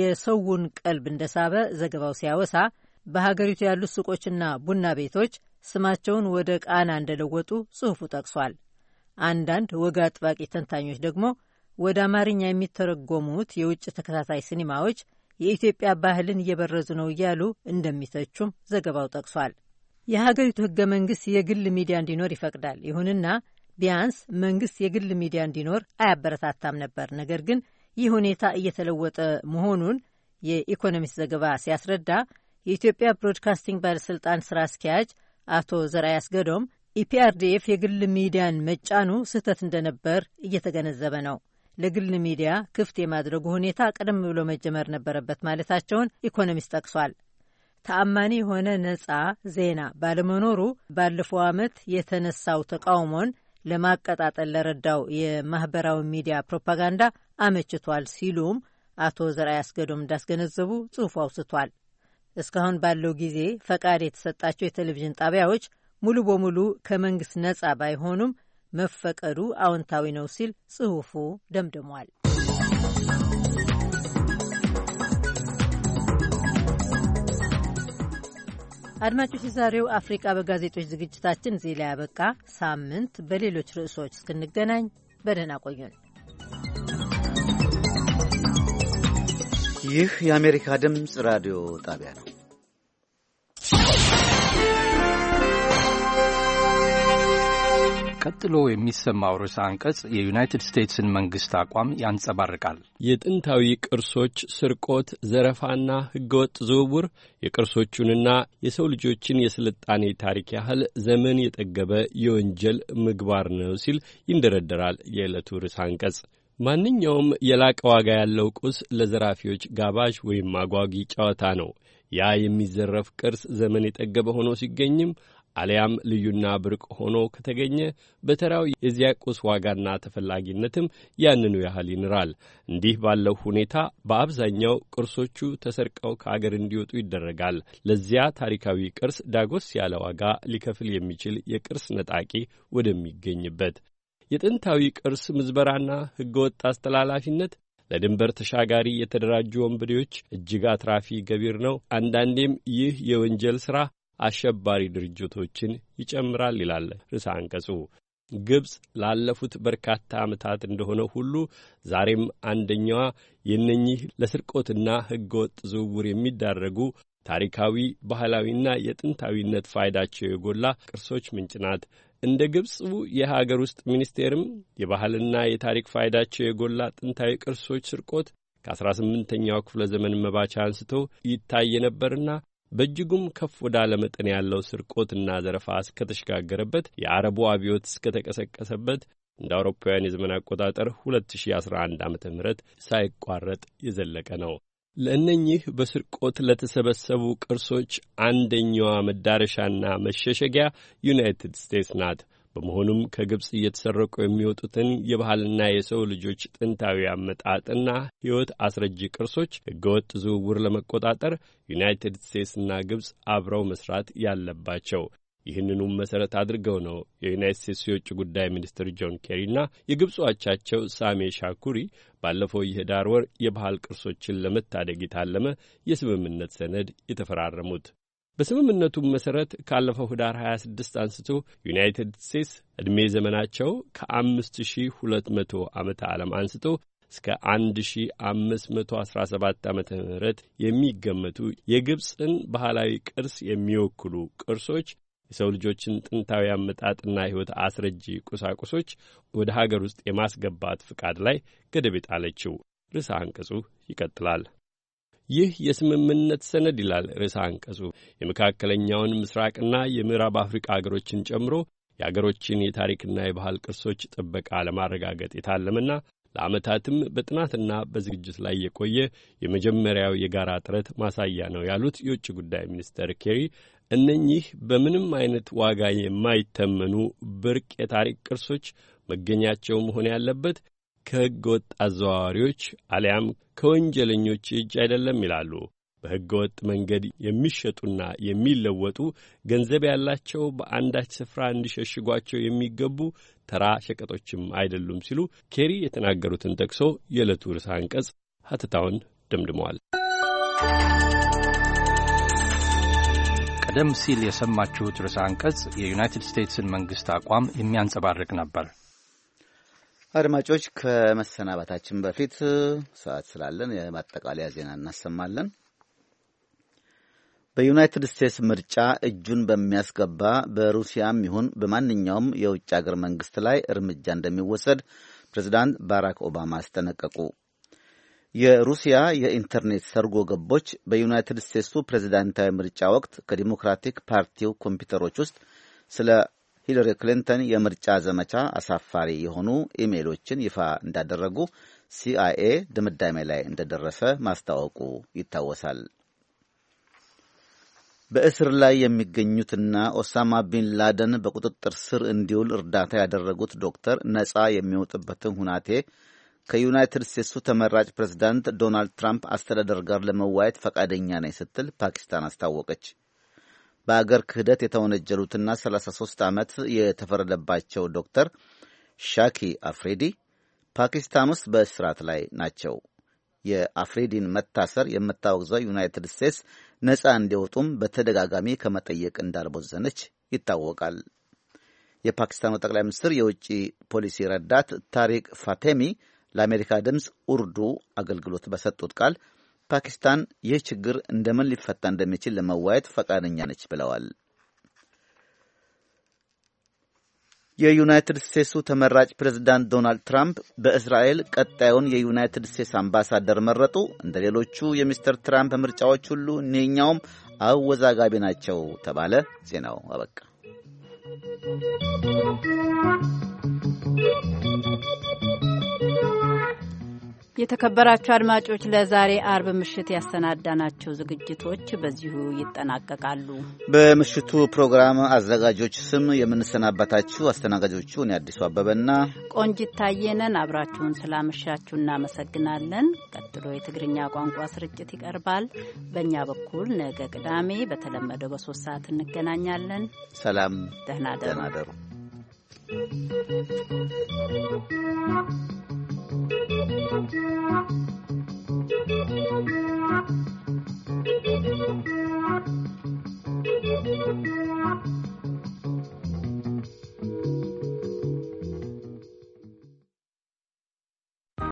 የሰውን ቀልብ እንደሳበ ዘገባው ሲያወሳ በሀገሪቱ ያሉት ሱቆችና ቡና ቤቶች ስማቸውን ወደ ቃና እንደለወጡ ጽሑፉ ጠቅሷል። አንዳንድ ወግ አጥባቂ ተንታኞች ደግሞ ወደ አማርኛ የሚተረጎሙት የውጭ ተከታታይ ሲኒማዎች የኢትዮጵያ ባህልን እየበረዙ ነው እያሉ እንደሚተቹም ዘገባው ጠቅሷል። የሀገሪቱ ህገ መንግስት የግል ሚዲያ እንዲኖር ይፈቅዳል። ይሁንና ቢያንስ መንግስት የግል ሚዲያ እንዲኖር አያበረታታም ነበር። ነገር ግን ይህ ሁኔታ እየተለወጠ መሆኑን የኢኮኖሚስት ዘገባ ሲያስረዳ የኢትዮጵያ ብሮድካስቲንግ ባለሥልጣን ሥራ አስኪያጅ አቶ ዘርአይ አስገዶም ኢፒአርዲኤፍ የግል ሚዲያን መጫኑ ስህተት እንደነበር እየተገነዘበ ነው። ለግል ሚዲያ ክፍት የማድረጉ ሁኔታ ቀደም ብሎ መጀመር ነበረበት ማለታቸውን ኢኮኖሚስት ጠቅሷል። ተአማኒ የሆነ ነጻ ዜና ባለመኖሩ ባለፈው ዓመት የተነሳው ተቃውሞን ለማቀጣጠል ለረዳው የማህበራዊ ሚዲያ ፕሮፓጋንዳ አመችቷል ሲሉም አቶ ዘርአይ አስገዶም እንዳስገነዘቡ ጽሑፉ አውስቷል። እስካሁን ባለው ጊዜ ፈቃድ የተሰጣቸው የቴሌቪዥን ጣቢያዎች ሙሉ በሙሉ ከመንግስት ነጻ ባይሆኑም መፈቀዱ አዎንታዊ ነው ሲል ጽሑፉ ደምድሟል። አድማጮች፣ የዛሬው አፍሪቃ በጋዜጦች ዝግጅታችን እዚህ ላይ ያበቃ። ሳምንት በሌሎች ርዕሶች እስክንገናኝ በደህና ቆዩን። ይህ የአሜሪካ ድምፅ ራዲዮ ጣቢያ ነው። ቀጥሎ የሚሰማው ርዕሰ አንቀጽ የዩናይትድ ስቴትስን መንግሥት አቋም ያንጸባርቃል። የጥንታዊ ቅርሶች ስርቆት፣ ዘረፋና ሕገወጥ ዝውውር የቅርሶቹንና የሰው ልጆችን የስልጣኔ ታሪክ ያህል ዘመን የጠገበ የወንጀል ምግባር ነው ሲል ይንደረደራል የዕለቱ ርዕሰ አንቀጽ። ማንኛውም የላቀ ዋጋ ያለው ቁስ ለዘራፊዎች ጋባዥ ወይም አጓጊ ጨዋታ ነው። ያ የሚዘረፍ ቅርስ ዘመን የጠገበ ሆኖ ሲገኝም አሊያም ልዩና ብርቅ ሆኖ ከተገኘ በተራው የዚያ ቁስ ዋጋና ተፈላጊነትም ያንኑ ያህል ይኖራል። እንዲህ ባለው ሁኔታ በአብዛኛው ቅርሶቹ ተሰርቀው ከአገር እንዲወጡ ይደረጋል። ለዚያ ታሪካዊ ቅርስ ዳጎስ ያለ ዋጋ ሊከፍል የሚችል የቅርስ ነጣቂ ወደሚገኝበት የጥንታዊ ቅርስ ምዝበራና ሕገወጥ አስተላላፊነት ለድንበር ተሻጋሪ የተደራጁ ወንበዴዎች እጅግ አትራፊ ገቢር ነው። አንዳንዴም ይህ የወንጀል ሥራ አሸባሪ ድርጅቶችን ይጨምራል ይላል ርዕሰ አንቀጹ። ግብፅ ላለፉት በርካታ ዓመታት እንደሆነ ሁሉ ዛሬም አንደኛዋ የነኚህ ለስርቆትና ሕገወጥ ዝውውር የሚዳረጉ ታሪካዊ፣ ባህላዊና የጥንታዊነት ፋይዳቸው የጎላ ቅርሶች ምንጭ ናት። እንደ ግብፁ የሀገር ውስጥ ሚኒስቴርም የባህልና የታሪክ ፋይዳቸው የጎላ ጥንታዊ ቅርሶች ስርቆት ከ18ኛው ክፍለ ዘመን መባቻ አንስቶ ይታይ ነበርና በእጅጉም ከፍ ወዳለ መጠን ያለው ስርቆትና ዘረፋ እስከተሸጋገረበት የአረቡ አብዮት እስከተቀሰቀሰበት እንደ አውሮፓውያን የዘመን አቆጣጠር 2011 ዓ ም ሳይቋረጥ የዘለቀ ነው። ለእነኚህ በስርቆት ለተሰበሰቡ ቅርሶች አንደኛዋ መዳረሻና መሸሸጊያ ዩናይትድ ስቴትስ ናት። በመሆኑም ከግብፅ እየተሰረቁ የሚወጡትን የባህልና የሰው ልጆች ጥንታዊ አመጣጥና ሕይወት አስረጂ ቅርሶች ሕገወጥ ዝውውር ለመቆጣጠር ዩናይትድ ስቴትስና ግብፅ አብረው መስራት ያለባቸው። ይህንኑም መሠረት አድርገው ነው የዩናይት ስቴትስ የውጭ ጉዳይ ሚኒስትር ጆን ኬሪና የግብፅ አቻቸው ሳሜ ሻኩሪ ባለፈው የህዳር ወር የባህል ቅርሶችን ለመታደግ የታለመ የስምምነት ሰነድ የተፈራረሙት። በስምምነቱም መሠረት ካለፈው ህዳር 26 አንስቶ ዩናይትድ ስቴትስ ዕድሜ ዘመናቸው ከ5200 ዓመተ ዓለም አንስቶ እስከ 1517 ዓመተ ምህረት የሚገመቱ የግብፅን ባህላዊ ቅርስ የሚወክሉ ቅርሶች የሰው ልጆችን ጥንታዊ አመጣጥና ሕይወት አስረጂ ቁሳቁሶች ወደ ሀገር ውስጥ የማስገባት ፍቃድ ላይ ገደብ የጣለችው። ርዕሰ አንቀጹ ይቀጥላል። ይህ የስምምነት ሰነድ ይላል ርዕሰ አንቀጹ የመካከለኛውን ምስራቅና የምዕራብ አፍሪቃ አገሮችን ጨምሮ የአገሮችን የታሪክና የባህል ቅርሶች ጥበቃ ለማረጋገጥ የታለመና ለዓመታትም በጥናትና በዝግጅት ላይ የቆየ የመጀመሪያው የጋራ ጥረት ማሳያ ነው ያሉት የውጭ ጉዳይ ሚኒስተር ኬሪ እነኚህ በምንም አይነት ዋጋ የማይተመኑ ብርቅ የታሪክ ቅርሶች መገኛቸው መሆን ያለበት ከሕገ ወጥ አዘዋዋሪዎች አሊያም ከወንጀለኞች እጅ አይደለም ይላሉ። በሕገ ወጥ መንገድ የሚሸጡና የሚለወጡ ገንዘብ ያላቸው በአንዳች ስፍራ እንዲሸሽጓቸው የሚገቡ ተራ ሸቀጦችም አይደሉም ሲሉ ኬሪ የተናገሩትን ጠቅሶ የዕለቱ ርዕሰ አንቀጽ ሀትታውን ደምድመዋል። ቀደም ሲል የሰማችሁት ርዕሰ አንቀጽ የዩናይትድ ስቴትስን መንግሥት አቋም የሚያንጸባርቅ ነበር። አድማጮች ከመሰናበታችን በፊት ሰዓት ስላለን የማጠቃለያ ዜና እናሰማለን። በዩናይትድ ስቴትስ ምርጫ እጁን በሚያስገባ በሩሲያም ይሁን በማንኛውም የውጭ አገር መንግስት ላይ እርምጃ እንደሚወሰድ ፕሬዚዳንት ባራክ ኦባማ አስጠነቀቁ። የሩሲያ የኢንተርኔት ሰርጎ ገቦች በዩናይትድ ስቴትሱ ፕሬዚዳንታዊ ምርጫ ወቅት ከዲሞክራቲክ ፓርቲው ኮምፒውተሮች ውስጥ ስለ ሂለሪ ክሊንተን የምርጫ ዘመቻ አሳፋሪ የሆኑ ኢሜይሎችን ይፋ እንዳደረጉ ሲአይኤ ድምዳሜ ላይ እንደደረሰ ማስታወቁ ይታወሳል። በእስር ላይ የሚገኙትና ኦሳማ ቢን ላደን በቁጥጥር ስር እንዲውል እርዳታ ያደረጉት ዶክተር ነጻ የሚወጡበትን ሁናቴ ከዩናይትድ ስቴትሱ ተመራጭ ፕሬዝዳንት ዶናልድ ትራምፕ አስተዳደር ጋር ለመዋየት ፈቃደኛ ነኝ ስትል ፓኪስታን አስታወቀች። በአገር ክህደት የተወነጀሉትና 33 ዓመት የተፈረደባቸው ዶክተር ሻኪ አፍሬዲ ፓኪስታን ውስጥ በእስራት ላይ ናቸው። የአፍሬዲን መታሰር የምታወግዘው ዩናይትድ ስቴትስ ነፃ እንዲወጡም በተደጋጋሚ ከመጠየቅ እንዳልቦዘነች ይታወቃል። የፓኪስታኑ ጠቅላይ ሚኒስትር የውጭ ፖሊሲ ረዳት ታሪክ ፋቴሚ ለአሜሪካ ድምፅ ኡርዱ አገልግሎት በሰጡት ቃል ፓኪስታን ይህ ችግር እንደምን ሊፈታ እንደሚችል ለመዋየት ፈቃደኛ ነች ብለዋል። የዩናይትድ ስቴትሱ ተመራጭ ፕሬዝዳንት ዶናልድ ትራምፕ በእስራኤል ቀጣዩን የዩናይትድ ስቴትስ አምባሳደር መረጡ። እንደ ሌሎቹ የሚስተር ትራምፕ ምርጫዎች ሁሉ እኒህኛውም አወዛጋቢ ናቸው ተባለ። ዜናው አበቃ። የተከበራችሁ አድማጮች ለዛሬ አርብ ምሽት ያሰናዳናቸው ዝግጅቶች በዚሁ ይጠናቀቃሉ። በምሽቱ ፕሮግራም አዘጋጆች ስም የምንሰናበታችሁ አስተናጋጆቹ እኔ አዲሱ አበበና ቆንጂት ታየነን። አብራችሁን ስላመሻችሁ እናመሰግናለን። ቀጥሎ የትግርኛ ቋንቋ ስርጭት ይቀርባል። በእኛ በኩል ነገ ቅዳሜ በተለመደው በሶስት ሰዓት እንገናኛለን። ሰላም፣ ደህና ደሩ። Thank you.